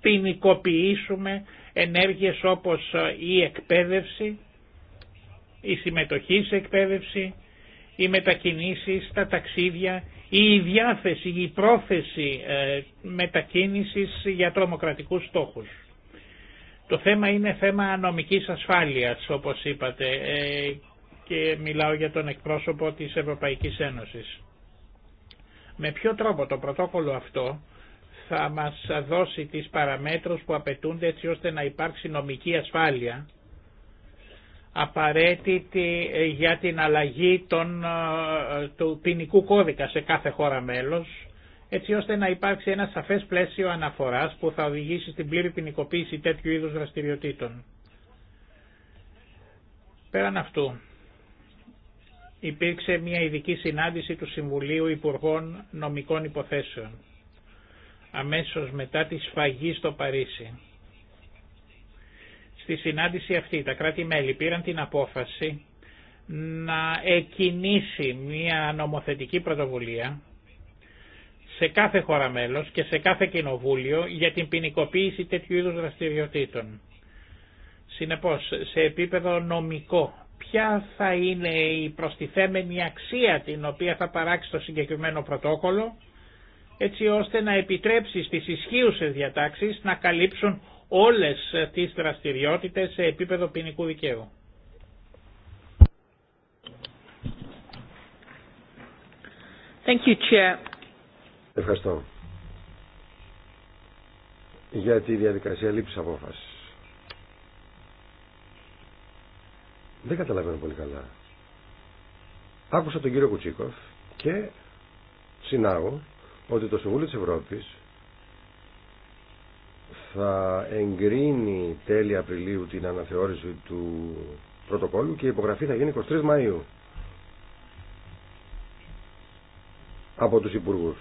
ποινικοποιήσουμε ενέργειες όπως η εκπαίδευση, η συμμετοχή σε εκπαίδευση, οι μετακινήσεις, τα ταξίδια ή η διάθεση, πρόθεση ε, μετακίνησης για τρομοκρατικούς στόχους. Το θέμα είναι θέμα νομικής ασφάλειας, όπως είπατε, ε, και μιλάω για τον εκπρόσωπο της Ευρωπαϊκής Ένωσης. Με ποιο τρόπο το πρωτόκολλο αυτό θα μας δώσει τις παραμέτρους που απαιτούνται έτσι ώστε να υπάρξει νομική ασφάλεια απαραίτητη ε, για την αλλαγή των, ε, του ποινικού κώδικα σε κάθε χώρα μέλος, έτσι ώστε να υπάρξει ένα σαφές πλαίσιο αναφοράς που θα οδηγήσει στην πλήρη ποινικοποίηση τέτοιου είδους δραστηριοτήτων. Πέραν αυτού, υπήρξε μια ειδική συνάντηση του Συμβουλίου Υπουργών Νομικών Υποθέσεων αμέσως μετά τη σφαγή στο Παρίσι. Στη συνάντηση αυτή τα κράτη-μέλη πήραν την απόφαση να εκκινήσει μια νομοθετική πρωτοβουλία σε κάθε χώρα μέλος και σε κάθε κοινοβούλιο για την ποινικοποίηση τέτοιου είδους δραστηριοτήτων. Συνεπώς, σε επίπεδο νομικό, ποια θα είναι η προστιθέμενη αξία την οποία θα παράξει το συγκεκριμένο πρωτόκολλο, έτσι ώστε να επιτρέψει στις ισχύουσες διατάξεις να καλύψουν όλες ε, τις δραστηριότητες σε επίπεδο ποινικού δικαίου. Thank you, Chair. Ευχαριστώ για τη διαδικασία λήψη απόφαση. Δεν καταλαβαίνω πολύ καλά. Άκουσα τον κύριο Κουτσίκοφ και συνάγω ότι το Συμβούλιο της Ευρώπης θα εγκρίνει τέλη Απριλίου την αναθεώρηση του πρωτοκόλλου και η υπογραφή θα γίνει 23 Μαΐου από τους Υπουργούς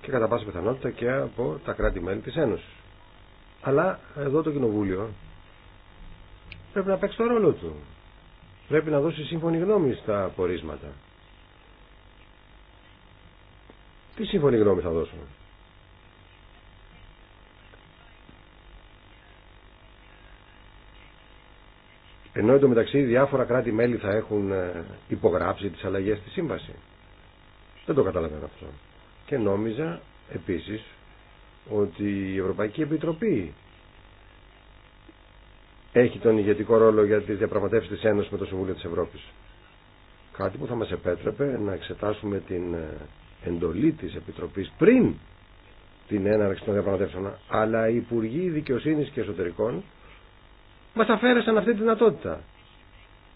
και κατά πάσα πιθανότητα και από τα κράτη-μέλη της Ένωσης. Αλλά εδώ το Κοινοβούλιο πρέπει να παίξει το ρόλο του. Πρέπει να δώσει σύμφωνη γνώμη στα πορίσματα. Τι σύμφωνη γνώμη θα δώσουμε. Ενώ εντωμεταξύ διάφορα κράτη-μέλη θα έχουν ε, υπογράψει τις αλλαγές στη σύμβαση. Δεν το καταλαβαίνω αυτό. Και νόμιζα επίσης ότι η Ευρωπαϊκή Επιτροπή έχει τον ηγετικό ρόλο για τις διαπραγματεύσεις της Ένωσης με το Συμβούλιο της Ευρώπης. Κάτι που θα μας επέτρεπε να εξετάσουμε την ε, εντολή της Επιτροπής πριν την έναρξη των διαπραγματεύσεων. Αλλά οι Υπουργοί Δικαιοσύνης και Εσωτερικών μας αφαίρεσαν αυτή τη δυνατότητα.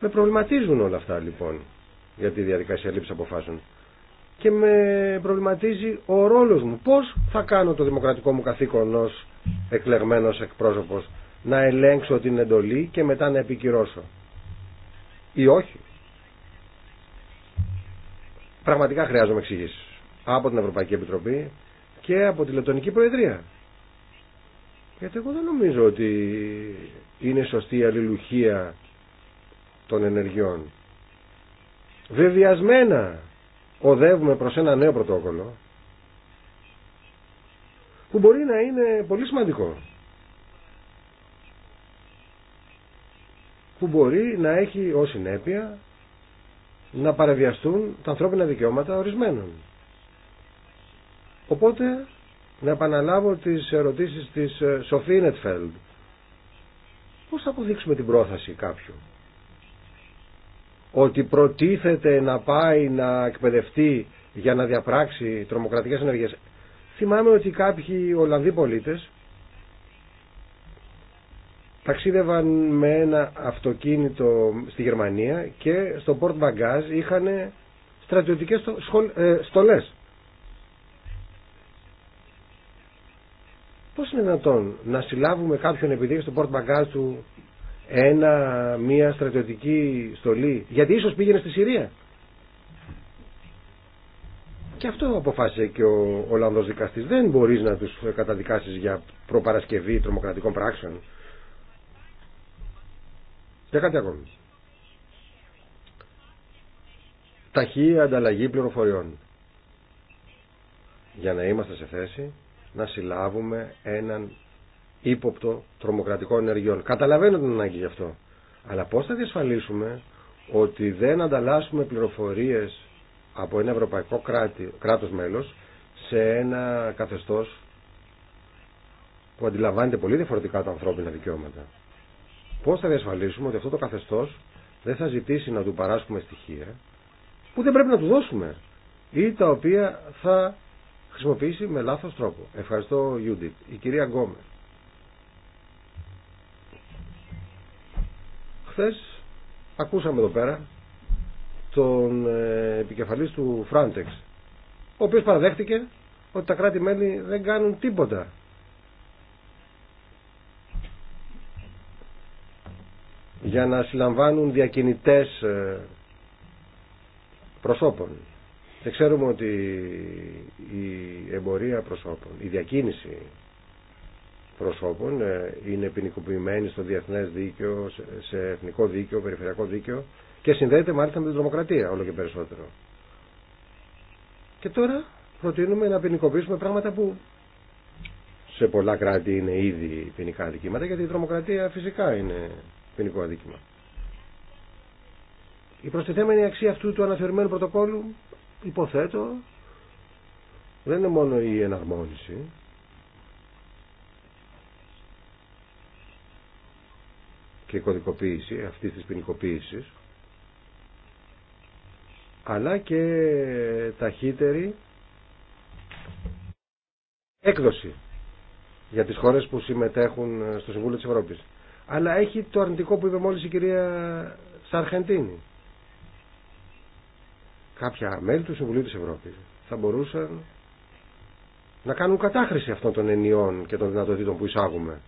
Με προβληματίζουν όλα αυτά λοιπόν για τη διαδικασία λήψη αποφάσεων. Και με προβληματίζει ο ρόλος μου. Πώς θα κάνω το δημοκρατικό μου καθήκον ως εκλεγμένος εκπρόσωπος να ελέγξω την εντολή και μετά να επικυρώσω. Ή όχι. Πραγματικά χρειάζομαι εξηγήσει από την Ευρωπαϊκή Επιτροπή και από τη Λετωνική Προεδρία. Γιατί εγώ δεν νομίζω ότι είναι σωστή η αλληλουχία των ενεργειών. Βεβαιασμένα οδεύουμε προς ένα νέο πρωτόκολλο που μπορεί να είναι πολύ σημαντικό. Που μπορεί να έχει ως συνέπεια να παραβιαστούν τα ανθρώπινα δικαιώματα ορισμένων. Οπότε να επαναλάβω τις ερωτήσεις της ε, Σοφίνετφελντ. Νετφέλντ. Πώς θα αποδείξουμε την πρόθεση κάποιου. Ότι προτίθεται να πάει να εκπαιδευτεί για να διαπράξει τρομοκρατικές ενεργές. Θυμάμαι ότι κάποιοι Ολλανδοί πολίτες ταξίδευαν με ένα αυτοκίνητο στη Γερμανία και στο Port Bagage είχαν στρατιωτικές ε, στολές. Πώς είναι δυνατόν να συλλάβουμε κάποιον επειδή έχει στο πόρτ του ένα, μια στρατιωτική στολή, γιατί ίσως πήγαινε στη Συρία. Και αυτό αποφάσισε και ο Ολλανδός δικαστής. Δεν μπορείς να τους καταδικάσεις για προπαρασκευή τρομοκρατικών πράξεων. Και κάτι ακόμη. Ταχεία ανταλλαγή πληροφοριών. Για να είμαστε σε θέση να συλλάβουμε έναν ύποπτο τρομοκρατικό ενεργειών. Καταλαβαίνω την ανάγκη γι' αυτό. Αλλά πώς θα διασφαλίσουμε ότι δεν ανταλλάσσουμε πληροφορίες από ένα ευρωπαϊκό κράτη, κράτος μέλος σε ένα καθεστώς που αντιλαμβάνεται πολύ διαφορετικά τα ανθρώπινα δικαιώματα. Πώς θα διασφαλίσουμε ότι αυτό το καθεστώς δεν θα ζητήσει να του παράσχουμε στοιχεία που δεν πρέπει να του δώσουμε ή τα οποία θα χρησιμοποιήσει με λάθος τρόπο. Ευχαριστώ, Ιούντιτ. Η κυρία Γκόμερ. Χθες ακούσαμε εδώ πέρα τον ε, επικεφαλής του Φράντεξ, ο οποίος παραδέχτηκε ότι τα κράτη-μέλη δεν κάνουν τίποτα. για να συλλαμβάνουν διακινητές ε, προσώπων. Και ξέρουμε ότι η εμπορία προσώπων, η διακίνηση προσώπων ε, είναι ποινικοποιημένη στο διεθνές δίκαιο, σε εθνικό δίκαιο, περιφερειακό δίκαιο και συνδέεται μάλιστα με την τρομοκρατία όλο και περισσότερο. Και τώρα προτείνουμε να ποινικοποιήσουμε πράγματα που σε πολλά κράτη είναι ήδη ποινικά αδικήματα γιατί η τρομοκρατία φυσικά είναι ποινικό αδίκημα. Η προστιθέμενη αξία αυτού του αναθεωρημένου πρωτοκόλου υποθέτω δεν είναι μόνο η εναρμόνιση και η κωδικοποίηση αυτής της ποινικοποίηση, αλλά και ταχύτερη έκδοση για τις χώρες που συμμετέχουν στο Συμβούλιο της Ευρώπης. Αλλά έχει το αρνητικό που είπε μόλις η κυρία Σαρχεντίνη κάποια μέλη του Συμβουλίου της Ευρώπης θα μπορούσαν να κάνουν κατάχρηση αυτών των ενιών και των δυνατοτήτων που εισάγουμε.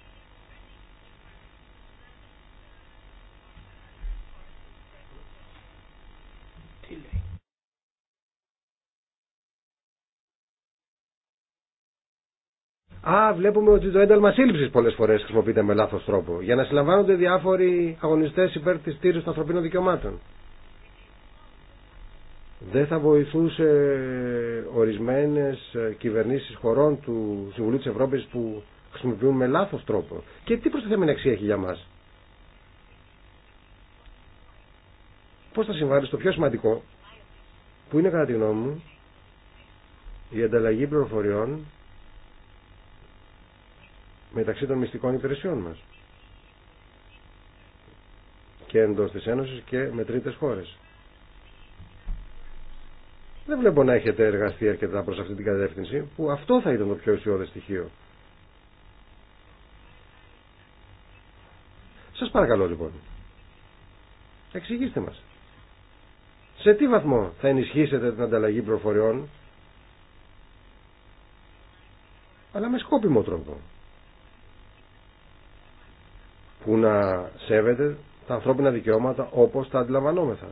Α, βλέπουμε ότι το ένταλμα σύλληψη πολλέ φορέ χρησιμοποιείται με λάθο τρόπο για να συλλαμβάνονται διάφοροι αγωνιστέ υπέρ τη στήριξη των ανθρωπίνων δικαιωμάτων δεν θα βοηθούσε ορισμένες κυβερνήσεις χωρών του Συμβουλίου της Ευρώπης που χρησιμοποιούν με λάθος τρόπο. Και τι προσταθεμένη αξία έχει για μας. Πώς θα συμβάλλει στο πιο σημαντικό, που είναι κατά τη γνώμη μου, η ανταλλαγή πληροφοριών μεταξύ των μυστικών υπηρεσιών μας και εντός της Ένωσης και με τρίτες χώρες. Δεν βλέπω να έχετε εργαστεί αρκετά προς αυτή την κατεύθυνση που αυτό θα ήταν το πιο ουσιώδε στοιχείο. Σας παρακαλώ λοιπόν. Εξηγήστε μας. Σε τι βαθμό θα ενισχύσετε την ανταλλαγή προφοριών αλλά με σκόπιμο τρόπο που να σέβεται τα ανθρώπινα δικαιώματα όπως τα αντιλαμβανόμεθα.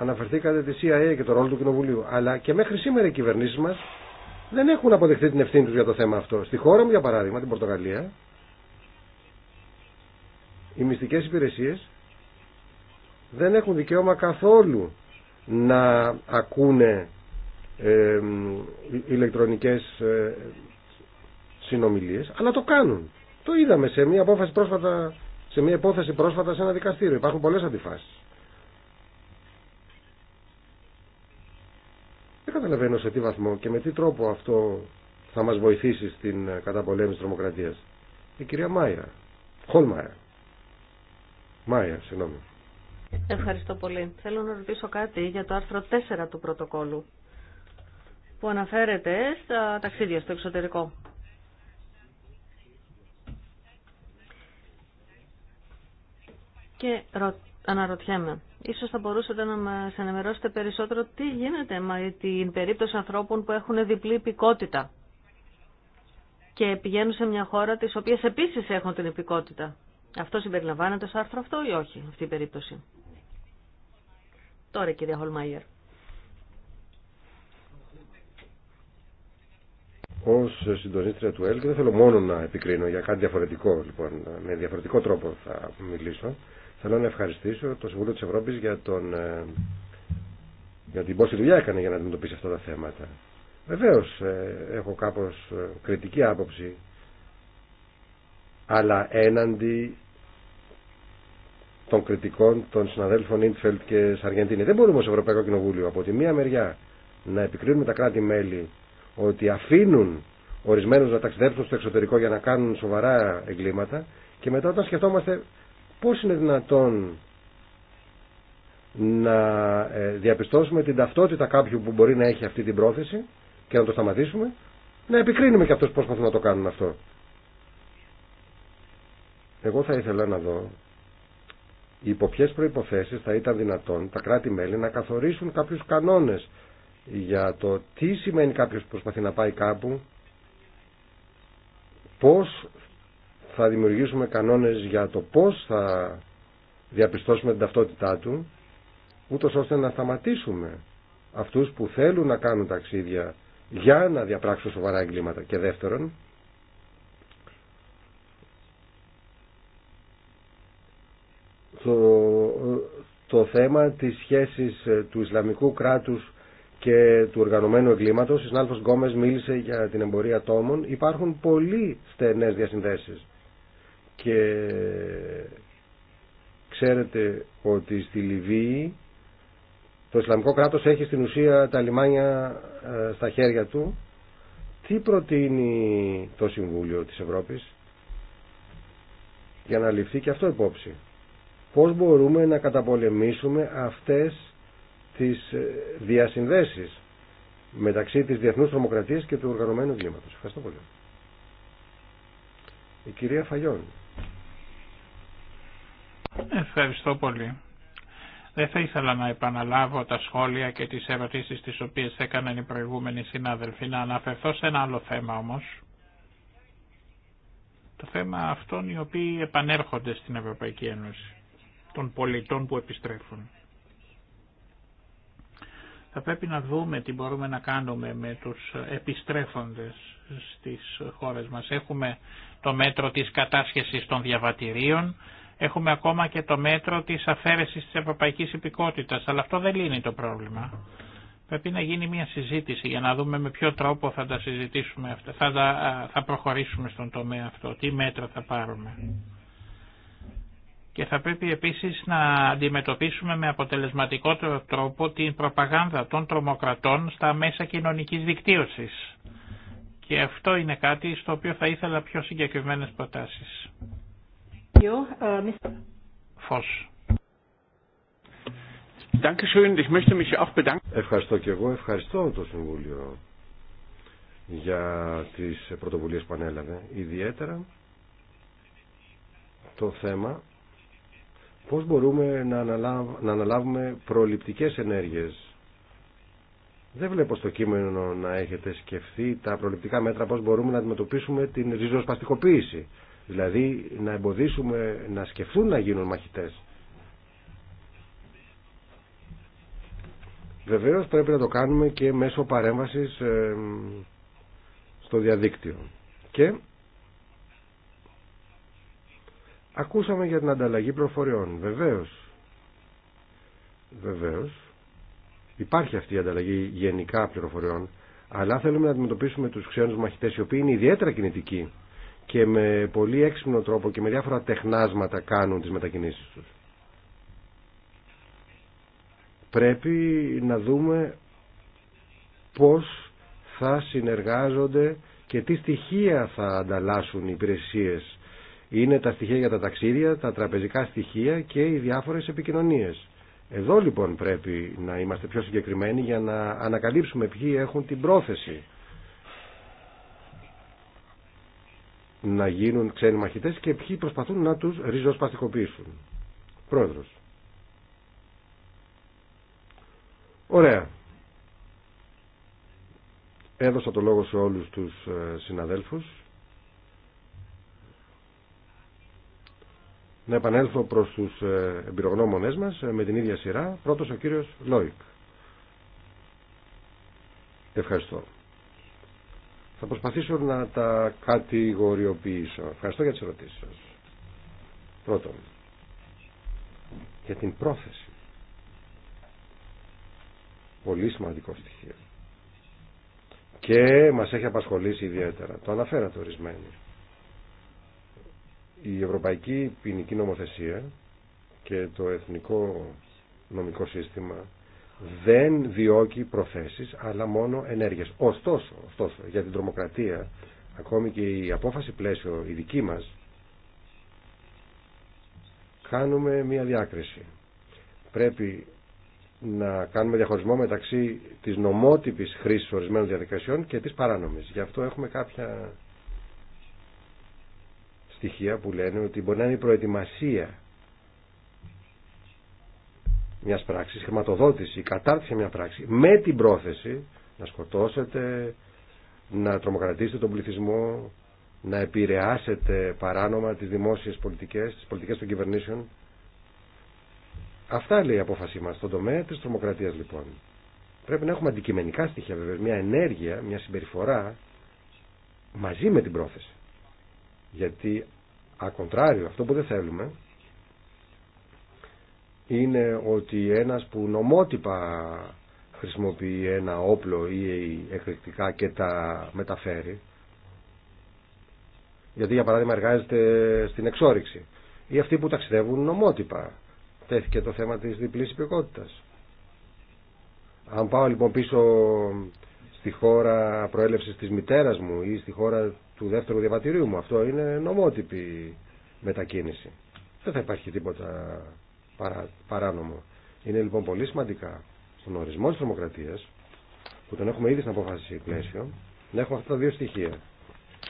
Αναφερθήκατε τη CIA και το ρόλο του Κοινοβουλίου. Αλλά και μέχρι σήμερα οι κυβερνήσει μα δεν έχουν αποδεχτεί την ευθύνη του για το θέμα αυτό. Στη χώρα μου, για παράδειγμα, την Πορτογαλία, οι μυστικέ υπηρεσίε δεν έχουν δικαίωμα καθόλου να ακούνε ε, ηλεκτρονικές συνομιλίες αλλά το κάνουν το είδαμε σε μια σε μια υπόθεση πρόσφατα σε ένα δικαστήριο υπάρχουν πολλές αντιφάσεις Δεν καταλαβαίνω σε τι βαθμό και με τι τρόπο αυτό θα μας βοηθήσει στην καταπολέμηση της τρομοκρατίας. Η κυρία Μάια. Χολμάια. Μάια, συγγνώμη. Ευχαριστώ πολύ. Θέλω να ρωτήσω κάτι για το άρθρο 4 του πρωτοκόλου που αναφέρεται στα ταξίδια στο εξωτερικό. Και αναρωτιέμαι, Ίσως θα μπορούσατε να μας ενημερώσετε περισσότερο τι γίνεται με την περίπτωση ανθρώπων που έχουν διπλή υπηκότητα και πηγαίνουν σε μια χώρα της οποίας επίσης έχουν την υπηκότητα. Αυτό συμπεριλαμβάνεται στο άρθρο αυτό ή όχι, αυτή η περίπτωση. Τώρα, κυρία Χολμάιερ. Ω συντονίστρια του ΕΛΚ δεν θέλω μόνο να επικρίνω για κάτι διαφορετικό, λοιπόν, με διαφορετικό τρόπο θα μιλήσω. Θέλω να ευχαριστήσω το Συμβούλιο της Ευρώπης για, τον, ε, για την πόση δουλειά έκανε για να αντιμετωπίσει αυτά τα θέματα. Βεβαίως ε, έχω κάπως ε, κριτική άποψη, αλλά έναντι των κριτικών των συναδέλφων Ιντφελτ και Σαργεντίνη. Δεν μπορούμε ως Ευρωπαϊκό Κοινοβούλιο από τη μία μεριά να επικρίνουμε τα κράτη-μέλη ότι αφήνουν ορισμένους να ταξιδέψουν στο εξωτερικό για να κάνουν σοβαρά εγκλήματα και μετά όταν σκεφτόμαστε Πώς είναι δυνατόν να ε, διαπιστώσουμε την ταυτότητα κάποιου που μπορεί να έχει αυτή την πρόθεση και να το σταματήσουμε, να επικρίνουμε και αυτός προσπαθούν να το κάνουν αυτό. Εγώ θα ήθελα να δω υπό ποιε προϋποθέσεις θα ήταν δυνατόν τα κράτη-μέλη να καθορίσουν κάποιους κανόνες για το τι σημαίνει κάποιος που προσπαθεί να πάει κάπου, πώς θα δημιουργήσουμε κανόνες για το πώς θα διαπιστώσουμε την ταυτότητά του, ούτως ώστε να σταματήσουμε αυτούς που θέλουν να κάνουν ταξίδια για να διαπράξουν σοβαρά εγκλήματα. Και δεύτερον, το, το θέμα της σχέσης ε, του Ισλαμικού κράτους και του οργανωμένου εγκλήματος, η Σνάλφος Γκόμες μίλησε για την εμπορία τόμων, υπάρχουν πολλοί στενές διασυνδέσεις και ξέρετε ότι στη Λιβύη το Ισλαμικό κράτος έχει στην ουσία τα λιμάνια ε, στα χέρια του. Τι προτείνει το Συμβούλιο της Ευρώπης για να ληφθεί και αυτό υπόψη. Πώς μπορούμε να καταπολεμήσουμε αυτές τις ε, διασυνδέσεις μεταξύ της διεθνούς τρομοκρατίας και του οργανωμένου κλίματος. Ευχαριστώ πολύ. Η κυρία Φαγιώνη Ευχαριστώ πολύ. Δεν θα ήθελα να επαναλάβω τα σχόλια και τις ερωτήσεις τις οποίες έκαναν οι προηγούμενοι συνάδελφοι. Να αναφερθώ σε ένα άλλο θέμα όμως. Το θέμα αυτών οι οποίοι επανέρχονται στην Ευρωπαϊκή Ένωση. Των πολιτών που επιστρέφουν. Θα πρέπει να δούμε τι μπορούμε να κάνουμε με τους επιστρέφοντες στις χώρες μας. Έχουμε το μέτρο της κατάσχεσης των διαβατηρίων Έχουμε ακόμα και το μέτρο της αφαίρεσης της ευρωπαϊκής υπηκότητας, αλλά αυτό δεν λύνει το πρόβλημα. Πρέπει να γίνει μια συζήτηση για να δούμε με ποιο τρόπο θα τα συζητήσουμε αυτά, θα, θα προχωρήσουμε στον τομέα αυτό, τι μέτρα θα πάρουμε. Και θα πρέπει επίσης να αντιμετωπίσουμε με αποτελεσματικότερο τρόπο την προπαγάνδα των τρομοκρατών στα μέσα κοινωνικής δικτύωσης. Και αυτό είναι κάτι στο οποίο θα ήθελα πιο συγκεκριμένες προτάσεις you. Uh, Ευχαριστώ και εγώ. Ευχαριστώ το Συμβούλιο για τις πρωτοβουλίες που ανέλαβε. Ιδιαίτερα το θέμα πώς μπορούμε να, να αναλάβουμε προληπτικές ενέργειες. Δεν βλέπω στο κείμενο να έχετε σκεφτεί τα προληπτικά μέτρα πώς μπορούμε να αντιμετωπίσουμε την ριζοσπαστικοποίηση Δηλαδή να εμποδίσουμε να σκεφτούν να γίνουν μαχητές. Βεβαίως πρέπει να το κάνουμε και μέσω παρέμβασης στο διαδίκτυο. Και ακούσαμε για την ανταλλαγή προφοριών. Βεβαίως. Βεβαίως. Υπάρχει αυτή η ανταλλαγή γενικά πληροφοριών, αλλά θέλουμε να αντιμετωπίσουμε τους ξένους μαχητές, οι οποίοι είναι ιδιαίτερα κινητικοί και με πολύ έξυπνο τρόπο και με διάφορα τεχνάσματα κάνουν τις μετακινήσεις τους. Πρέπει να δούμε πώς θα συνεργάζονται και τι στοιχεία θα ανταλλάσσουν οι υπηρεσίες. Είναι τα στοιχεία για τα ταξίδια, τα τραπεζικά στοιχεία και οι διάφορες επικοινωνίες. Εδώ λοιπόν πρέπει να είμαστε πιο συγκεκριμένοι για να ανακαλύψουμε ποιοι έχουν την πρόθεση να γίνουν ξένοι μαχητές και ποιοι προσπαθούν να τους ριζοσπαστικοποιήσουν. Πρόεδρος. Ωραία. Έδωσα το λόγο σε όλους τους ε, συναδέλφους. Να επανέλθω προς τους ε, εμπειρογνώμονές μας ε, με την ίδια σειρά. Πρώτος ο κύριος Λόικ. Ευχαριστώ. Θα προσπαθήσω να τα κατηγοριοποιήσω. Ευχαριστώ για τις ερωτήσεις σας. Πρώτον, για την πρόθεση. Πολύ σημαντικό στοιχείο. Και μας έχει απασχολήσει ιδιαίτερα. Το αναφέρατε ορισμένοι. Η Ευρωπαϊκή Ποινική Νομοθεσία και το Εθνικό Νομικό Σύστημα δεν διώκει προθέσεις αλλά μόνο ενέργειες. Ωστόσο, ωστόσο για την τρομοκρατία ακόμη και η απόφαση πλαίσιο η δική μας κάνουμε μια διάκριση. Πρέπει να κάνουμε διαχωρισμό μεταξύ της νομότυπης χρήσης ορισμένων διαδικασιών και της παράνομης. Γι' αυτό έχουμε κάποια στοιχεία που λένε ότι μπορεί να είναι η προετοιμασία μιας πράξης, χρηματοδότηση, κατάρτιση μια πράξη με την πρόθεση να σκοτώσετε, να τρομοκρατήσετε τον πληθυσμό, να επηρεάσετε παράνομα τις δημόσιες πολιτικές, τις πολιτικές των κυβερνήσεων. Αυτά λέει η απόφασή μας στον τομέα της τρομοκρατίας λοιπόν. Πρέπει να έχουμε αντικειμενικά στοιχεία βέβαια, μια ενέργεια, μια συμπεριφορά μαζί με την πρόθεση. Γιατί ακοντράριο αυτό που δεν θέλουμε είναι ότι ένας που νομότυπα χρησιμοποιεί ένα όπλο ή εκρηκτικά και τα μεταφέρει γιατί για παράδειγμα εργάζεται στην εξόριξη ή αυτοί που ταξιδεύουν νομότυπα τέθηκε το θέμα της διπλής υπηκότητας αν πάω λοιπόν πίσω στη χώρα προέλευσης της μητέρας μου ή στη χώρα του δεύτερου διαβατηρίου μου αυτό είναι νομότυπη μετακίνηση δεν θα υπάρχει τίποτα παρά, παράνομο. Είναι λοιπόν πολύ σημαντικά στον ορισμό της τρομοκρατία, που τον έχουμε ήδη στην απόφαση πλαίσιο, να έχουμε αυτά τα δύο στοιχεία.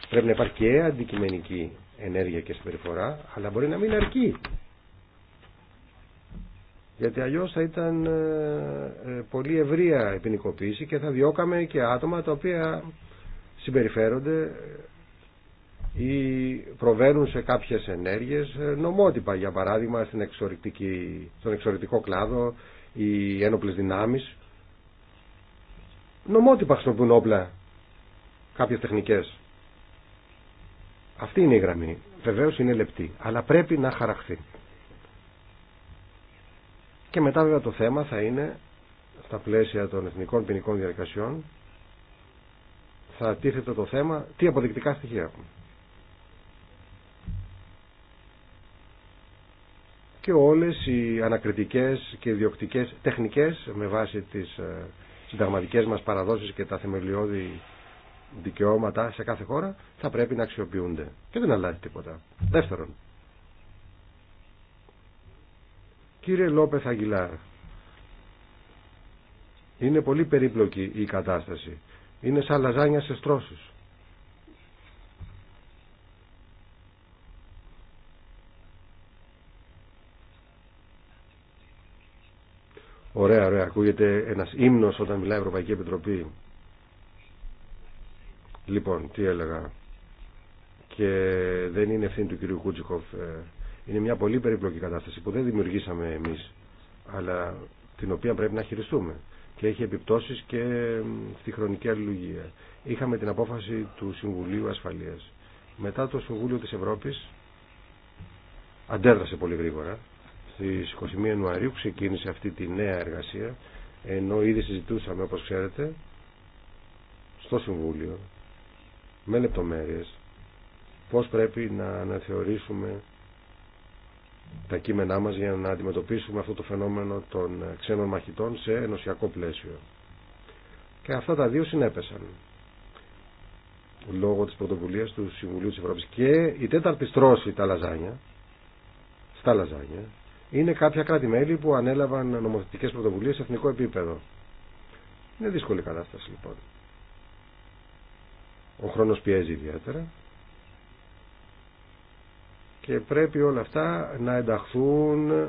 Πρέπει να υπάρχει και αντικειμενική ενέργεια και συμπεριφορά, αλλά μπορεί να μην αρκεί. Γιατί αλλιώ θα ήταν ε, ε, πολύ ευρεία η και θα διώκαμε και άτομα τα οποία συμπεριφέρονται ή προβαίνουν σε κάποιες ενέργειες ε, νομότυπα. Για παράδειγμα, στην εξορυκτική, στον εξορυκτικό κλάδο, οι ένοπλες δυνάμεις. Νομότυπα χρησιμοποιούν όπλα, κάποιες τεχνικές. Αυτή είναι η γραμμή. για παραδειγμα στην στον είναι λεπτή, αλλά πρέπει να χαραχθεί. Και μετά βέβαια το θέμα θα είναι, στα πλαίσια των εθνικών ποινικών διαδικασιών, θα τίθεται το θέμα τι αποδεικτικά στοιχεία έχουμε. και όλες οι ανακριτικές και ιδιοκτικές τεχνικές με βάση τις ε, συνταγματικές μας παραδόσεις και τα θεμελιώδη δικαιώματα σε κάθε χώρα θα πρέπει να αξιοποιούνται και δεν αλλάζει τίποτα. Δεύτερον, κύριε Λόπεθ Αγγιλάρ, είναι πολύ περίπλοκη η κατάσταση. Είναι σαν λαζάνια σε στρώσεις. Ωραία, ωραία. Ακούγεται ένας ύμνος όταν μιλάει η Ευρωπαϊκή Επιτροπή. Λοιπόν, τι έλεγα. Και δεν είναι ευθύνη του κυρίου Κούτσικοφ. Ε, είναι μια πολύ περίπλοκη κατάσταση που δεν δημιουργήσαμε εμείς, αλλά την οποία πρέπει να χειριστούμε. Και έχει επιπτώσεις και στη χρονική αλληλουγία. Είχαμε την απόφαση του Συμβουλίου Ασφαλείας. Μετά το Συμβούλιο της Ευρώπης αντέδρασε πολύ γρήγορα στις 21 Ιανουαρίου ξεκίνησε αυτή τη νέα εργασία ενώ ήδη συζητούσαμε όπως ξέρετε στο Συμβούλιο με λεπτομέρειες πώς πρέπει να αναθεωρήσουμε τα κείμενά μας για να αντιμετωπίσουμε αυτό το φαινόμενο των ξένων μαχητών σε ενωσιακό πλαίσιο. Και αυτά τα δύο συνέπεσαν λόγω της πρωτοβουλία του Συμβουλίου της Ευρώπης και η τέταρτη στρώση τα λαζάνια στα λαζάνια είναι κάποια κράτη-μέλη που ανέλαβαν νομοθετικές πρωτοβουλίες σε εθνικό επίπεδο. Είναι δύσκολη κατάσταση λοιπόν. Ο χρόνος πιέζει ιδιαίτερα και πρέπει όλα αυτά να ενταχθούν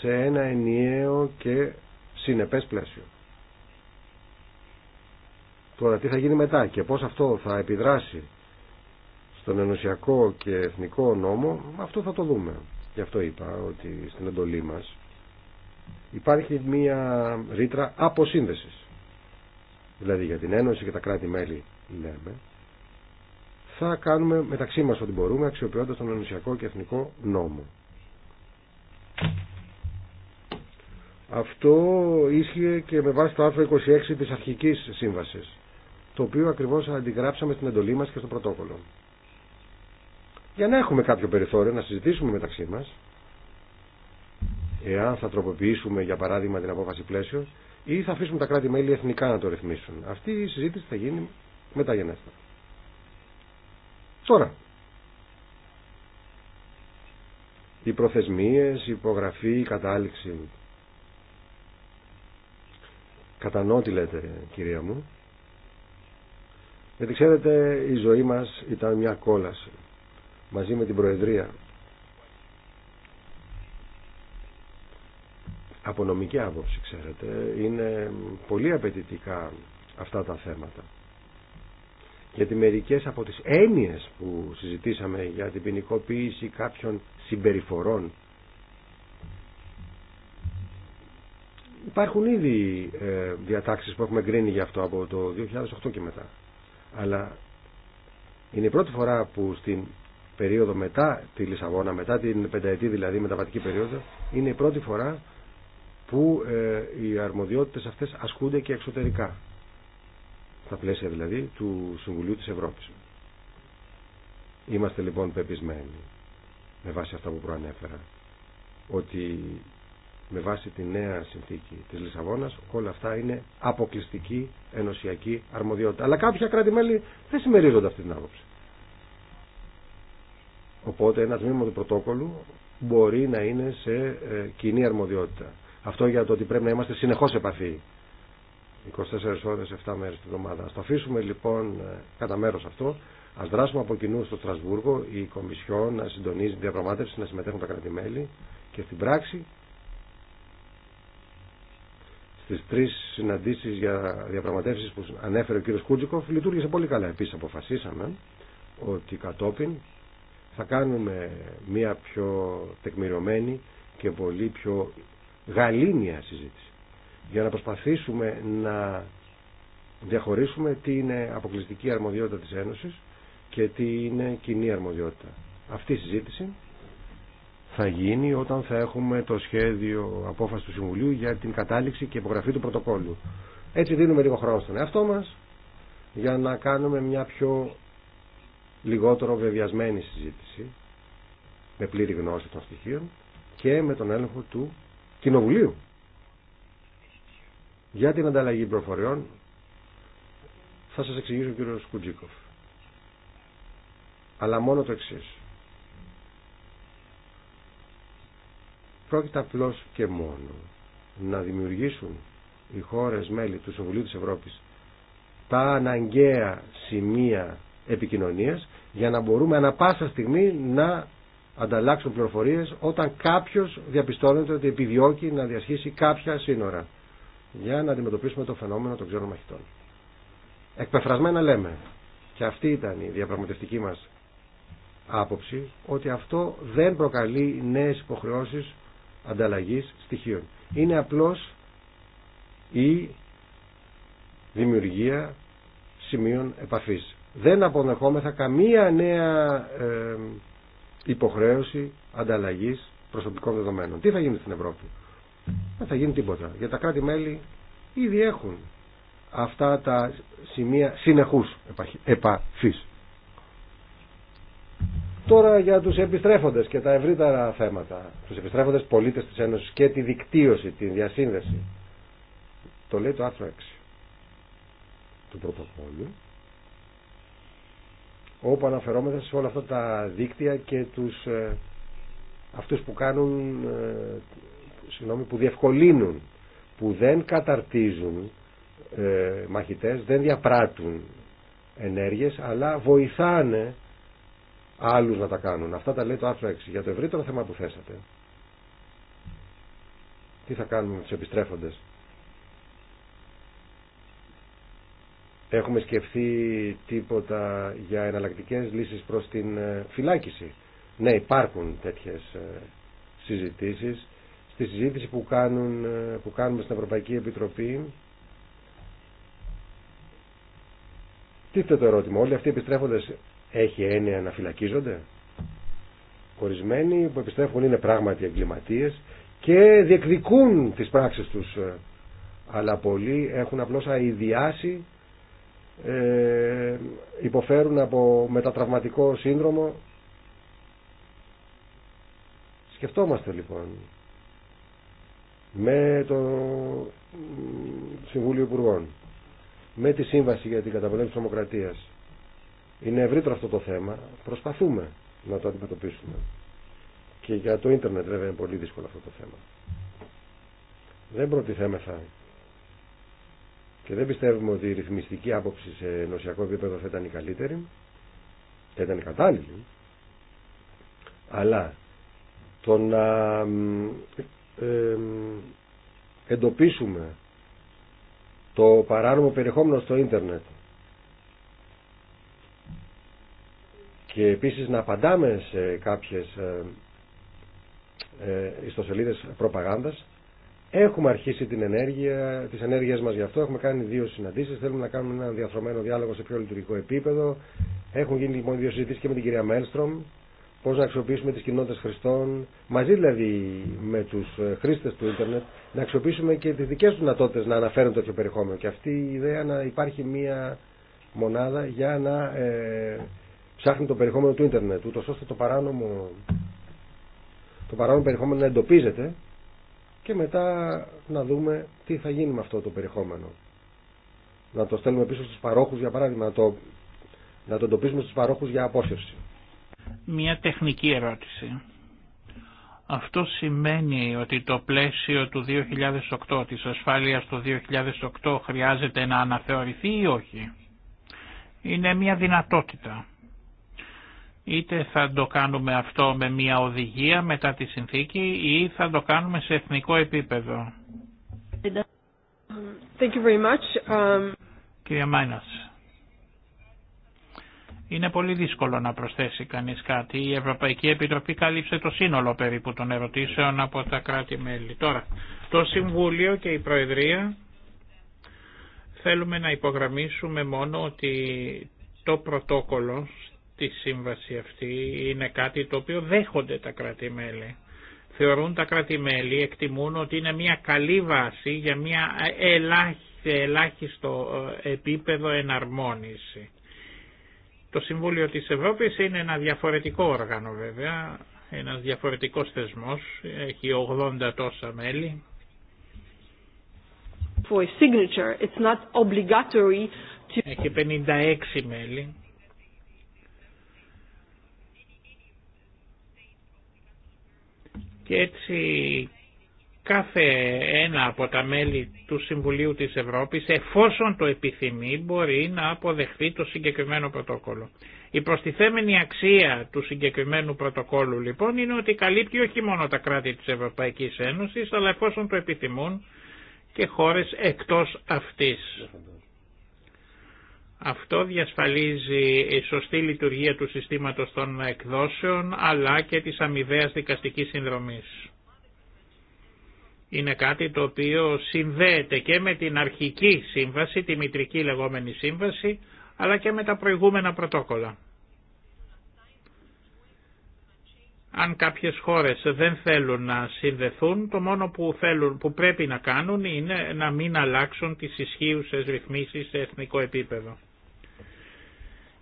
σε ένα ενιαίο και συνεπές πλαίσιο. Τώρα τι θα γίνει μετά και πώς αυτό θα επιδράσει στον ενωσιακό και εθνικό νόμο, αυτό θα το δούμε. Γι' αυτό είπα ότι στην εντολή μας υπάρχει μία ρήτρα αποσύνδεσης. Δηλαδή για την Ένωση και τα κράτη-μέλη λέμε θα κάνουμε μεταξύ μας ό,τι μπορούμε αξιοποιώντας τον ενωσιακό και εθνικό νόμο. Αυτό ίσχυε και με βάση το άρθρο 26 της αρχικής σύμβασης, το οποίο ακριβώς αντιγράψαμε στην εντολή μας και στο πρωτόκολλο για να έχουμε κάποιο περιθώριο να συζητήσουμε μεταξύ μας εάν θα τροποποιήσουμε για παράδειγμα την απόφαση πλαίσιο ή θα αφήσουμε τα κράτη-μέλη εθνικά να το ρυθμίσουν. Αυτή η συζήτηση θα γίνει μετά γενέστερα. Τώρα, οι προθεσμίες, η υπογραφή, η κατάληξη. Κατανοώ λέτε κυρία μου. Γιατί ξέρετε η ζωή μας ήταν μια κόλαση μαζί με την Προεδρία από νομική άποψη ξέρετε είναι πολύ απαιτητικά αυτά τα θέματα γιατί μερικές από τις έννοιες που συζητήσαμε για την ποινικοποίηση κάποιων συμπεριφορών υπάρχουν ήδη ε, διατάξεις που έχουμε γκρίνει για αυτό από το 2008 και μετά αλλά είναι η πρώτη φορά που στην περίοδο μετά τη Λισαβόνα, μετά την πενταετή δηλαδή μεταβατική περίοδο, είναι η πρώτη φορά που ε, οι αρμοδιότητες αυτές ασκούνται και εξωτερικά. Στα πλαίσια δηλαδή του Συμβουλίου της Ευρώπης. Είμαστε λοιπόν πεπισμένοι με βάση αυτά που προανέφερα ότι με βάση τη νέα συνθήκη της Λισαβόνας όλα αυτά είναι αποκλειστική ενωσιακή αρμοδιότητα. Αλλά κάποια κράτη-μέλη δεν συμμερίζονται αυτή την άποψη. Οπότε ένα τμήμα του πρωτόκολλου μπορεί να είναι σε ε, κοινή αρμοδιότητα. Αυτό για το ότι πρέπει να είμαστε συνεχώ σε επαφή. 24 ώρε 7 μέρε την εβδομάδα. Α το αφήσουμε λοιπόν ε, κατά μέρο αυτό. Α δράσουμε από κοινού στο Στρασβούργο, η Κομισιόν να συντονίζει τη διαπραγμάτευση, να συμμετέχουν τα κράτη-μέλη και στην πράξη στι τρει συναντήσει για διαπραγματεύσει που ανέφερε ο κ. Κούτζικοφ λειτουργήσε πολύ καλά. επίση αποφασίσαμε ότι κατόπιν θα κάνουμε μια πιο τεκμηριωμένη και πολύ πιο γαλήνια συζήτηση για να προσπαθήσουμε να διαχωρίσουμε τι είναι αποκλειστική αρμοδιότητα της Ένωσης και τι είναι κοινή αρμοδιότητα. Αυτή η συζήτηση θα γίνει όταν θα έχουμε το σχέδιο απόφαση του Συμβουλίου για την κατάληξη και υπογραφή του πρωτοκόλλου. Έτσι δίνουμε λίγο χρόνο στον εαυτό μας για να κάνουμε μια πιο λιγότερο βεβιασμένη συζήτηση με πλήρη γνώση των στοιχείων και με τον έλεγχο του Κοινοβουλίου για την ανταλλαγή προφοριών θα σας εξηγήσω ο κύριος Κουτζίκοφ αλλά μόνο το εξή. πρόκειται απλώ και μόνο να δημιουργήσουν οι χώρες μέλη του Συμβουλίου της Ευρώπης τα αναγκαία σημεία επικοινωνίας για να μπορούμε ανα πάσα στιγμή να ανταλλάξουν πληροφορίες όταν κάποιος διαπιστώνεται ότι επιδιώκει να διασχίσει κάποια σύνορα για να αντιμετωπίσουμε το φαινόμενο των ξένων μαχητών. Εκπεφρασμένα λέμε, και αυτή ήταν η διαπραγματευτική μας άποψη, ότι αυτό δεν προκαλεί νέες υποχρεώσεις ανταλλαγής στοιχείων. Είναι απλώς η δημιουργία σημείων επαφής δεν αποδεχόμεθα καμία νέα υποχρέωση ανταλλαγής προσωπικών δεδομένων. Τι θα γίνει στην Ευρώπη. Δεν θα γίνει τίποτα. Για τα κράτη-μέλη ήδη έχουν αυτά τα σημεία συνεχούς επαφής. Τώρα για τους επιστρέφοντες και τα ευρύτερα θέματα. Τους επιστρέφοντες πολίτες της Ένωσης και τη δικτύωση, τη διασύνδεση. Το λέει το άρθρο 6 του πρωτοκόλλου όπου αναφερόμεθα σε όλα αυτά τα δίκτυα και τους ε, αυτούς που κάνουν ε, που διευκολύνουν που δεν καταρτίζουν ε, μαχητές δεν διαπράττουν ενέργειες αλλά βοηθάνε άλλους να τα κάνουν αυτά τα λέει το άρθρο 6 για το ευρύτερο θέμα που θέσατε τι θα κάνουμε με τους επιστρέφοντες Έχουμε σκεφτεί τίποτα για εναλλακτικέ λύσεις προς την ε, φυλάκιση. Ναι, υπάρχουν τέτοιες ε, συζητήσεις. Στη συζήτηση που, κάνουν, ε, που κάνουμε στην Ευρωπαϊκή Επιτροπή τίθεται το ερώτημα. Όλοι αυτοί οι έχει έννοια να φυλακίζονται. Ορισμένοι που επιστρέφουν είναι πράγματι εγκληματίες και διεκδικούν τις πράξεις τους. Αλλά πολλοί έχουν απλώς αειδιάσει ε, υποφέρουν από μετατραυματικό σύνδρομο. Σκεφτόμαστε λοιπόν με το Συμβούλιο Υπουργών, με τη Σύμβαση για την Καταπολέμηση της Δημοκρατίας. Είναι ευρύτερο αυτό το θέμα, προσπαθούμε να το αντιμετωπίσουμε. Και για το ίντερνετ βέβαια είναι πολύ δύσκολο αυτό το θέμα. Δεν προτιθέμεθα και δεν πιστεύουμε ότι η ρυθμιστική άποψη σε νοσιακό επίπεδο θα ήταν η καλύτερη, θα ήταν η κατάλληλη, αλλά το να ε, εντοπίσουμε το παράνομο περιεχόμενο στο ίντερνετ και επίσης να απαντάμε σε κάποιες ε, ε, ιστοσελίδες προπαγάνδας Έχουμε αρχίσει την ενέργεια, τις ενέργειες μας γι' αυτό, έχουμε κάνει δύο συναντήσεις, θέλουμε να κάνουμε ένα διαθρωμένο διάλογο σε πιο λειτουργικό επίπεδο. Έχουν γίνει λοιπόν δύο συζητήσεις και με την κυρία Μέλστρομ, πώς να αξιοποιήσουμε τις κοινότητες χρηστών, μαζί δηλαδή με τους ε, χρήστες του ίντερνετ, να αξιοποιήσουμε και τις δικές τους δυνατότητες να αναφέρουν τέτοιο περιεχόμενο. Και αυτή η ιδέα να υπάρχει μία μονάδα για να ε, ψάχνει το περιεχόμενο του ίντερνετ, ούτως ώστε το παράνομο, το παράνομο περιεχόμενο να εντοπίζεται και μετά να δούμε τι θα γίνει με αυτό το περιεχόμενο. Να το στέλνουμε πίσω στους παρόχους, για παράδειγμα, να το, να το εντοπίσουμε στους παρόχους για απόσυρση. Μια τεχνική ερώτηση. Αυτό σημαίνει ότι το πλαίσιο του 2008, της ασφάλειας του 2008 χρειάζεται να αναθεωρηθεί ή όχι. Είναι μια δυνατότητα. Είτε θα το κάνουμε αυτό με μια οδηγία μετά τη συνθήκη ή θα το κάνουμε σε εθνικό επίπεδο. Thank you very much. Um, είναι πολύ δύσκολο να προσθέσει κανείς κάτι. Η Ευρωπαϊκή Επιτροπή κάλυψε το σύνολο περίπου των ερωτήσεων από τα κράτη-μέλη. Τώρα, το Συμβούλιο και η Προεδρία θέλουμε να υπογραμμίσουμε μόνο ότι το πρωτόκολλο τη σύμβαση αυτή είναι κάτι το οποίο δέχονται τα κράτη-μέλη. Θεωρούν τα κράτη-μέλη, εκτιμούν ότι είναι μια καλή βάση για μια ελάχιστο ε, επίπεδο εναρμόνιση. Το Συμβούλιο της Ευρώπης είναι ένα διαφορετικό όργανο βέβαια, ένας διαφορετικός θεσμός, έχει 80 τόσα μέλη. Έχει 56 μέλη και έτσι κάθε ένα από τα μέλη του Συμβουλίου της Ευρώπης εφόσον το επιθυμεί μπορεί να αποδεχθεί το συγκεκριμένο πρωτόκολλο. Η προστιθέμενη αξία του συγκεκριμένου πρωτοκόλλου λοιπόν είναι ότι καλύπτει όχι μόνο τα κράτη της Ευρωπαϊκής Ένωσης αλλά εφόσον το επιθυμούν και χώρες εκτός αυτής. Αυτό διασφαλίζει η σωστή λειτουργία του συστήματος των εκδόσεων αλλά και της αμοιβαίας δικαστικής συνδρομής. Είναι κάτι το οποίο συνδέεται και με την αρχική σύμβαση, τη μητρική λεγόμενη σύμβαση, αλλά και με τα προηγούμενα πρωτόκολλα. Αν κάποιες χώρες δεν θέλουν να συνδεθούν, το μόνο που, θέλουν, που πρέπει να κάνουν είναι να μην αλλάξουν τις ισχύουσες ρυθμίσεις σε εθνικό επίπεδο.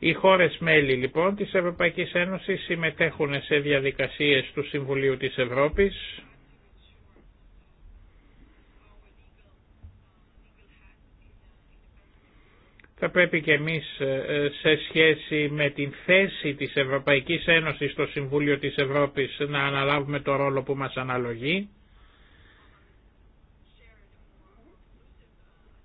Οι χώρες μέλη λοιπόν της Ευρωπαϊκής Ένωσης συμμετέχουν σε διαδικασίες του Συμβουλίου της Ευρώπης θα πρέπει και εμείς ε, ε, σε σχέση με την θέση της Ευρωπαϊκής Ένωσης στο Συμβούλιο της Ευρώπης να αναλάβουμε το ρόλο που μας αναλογεί.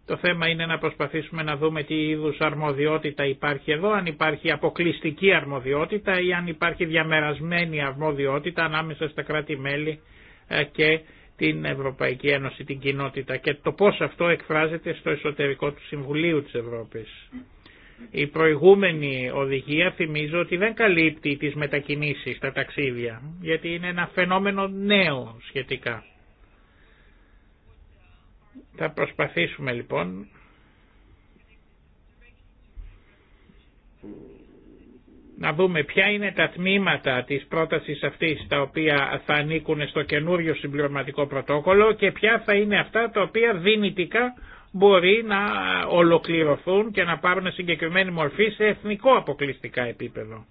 Το θέμα είναι να προσπαθήσουμε να δούμε τι είδους αρμοδιότητα υπάρχει εδώ, αν υπάρχει αποκλειστική αρμοδιότητα ή αν υπάρχει διαμερασμένη αρμοδιότητα ανάμεσα στα κράτη-μέλη ε, και την Ευρωπαϊκή Ένωση, την κοινότητα και το πώς αυτό εκφράζεται στο εσωτερικό του Συμβουλίου της Ευρώπης. Η προηγούμενη οδηγία θυμίζω ότι δεν καλύπτει τις μετακινήσεις, τα ταξίδια, γιατί είναι ένα φαινόμενο νέο σχετικά. Θα προσπαθήσουμε λοιπόν να δούμε ποια είναι τα τμήματα της πρότασης αυτής τα οποία θα ανήκουν στο καινούριο συμπληρωματικό πρωτόκολλο και ποια θα είναι αυτά τα οποία δυνητικά μπορεί να ολοκληρωθούν και να πάρουν συγκεκριμένη μορφή σε εθνικό αποκλειστικά επίπεδο.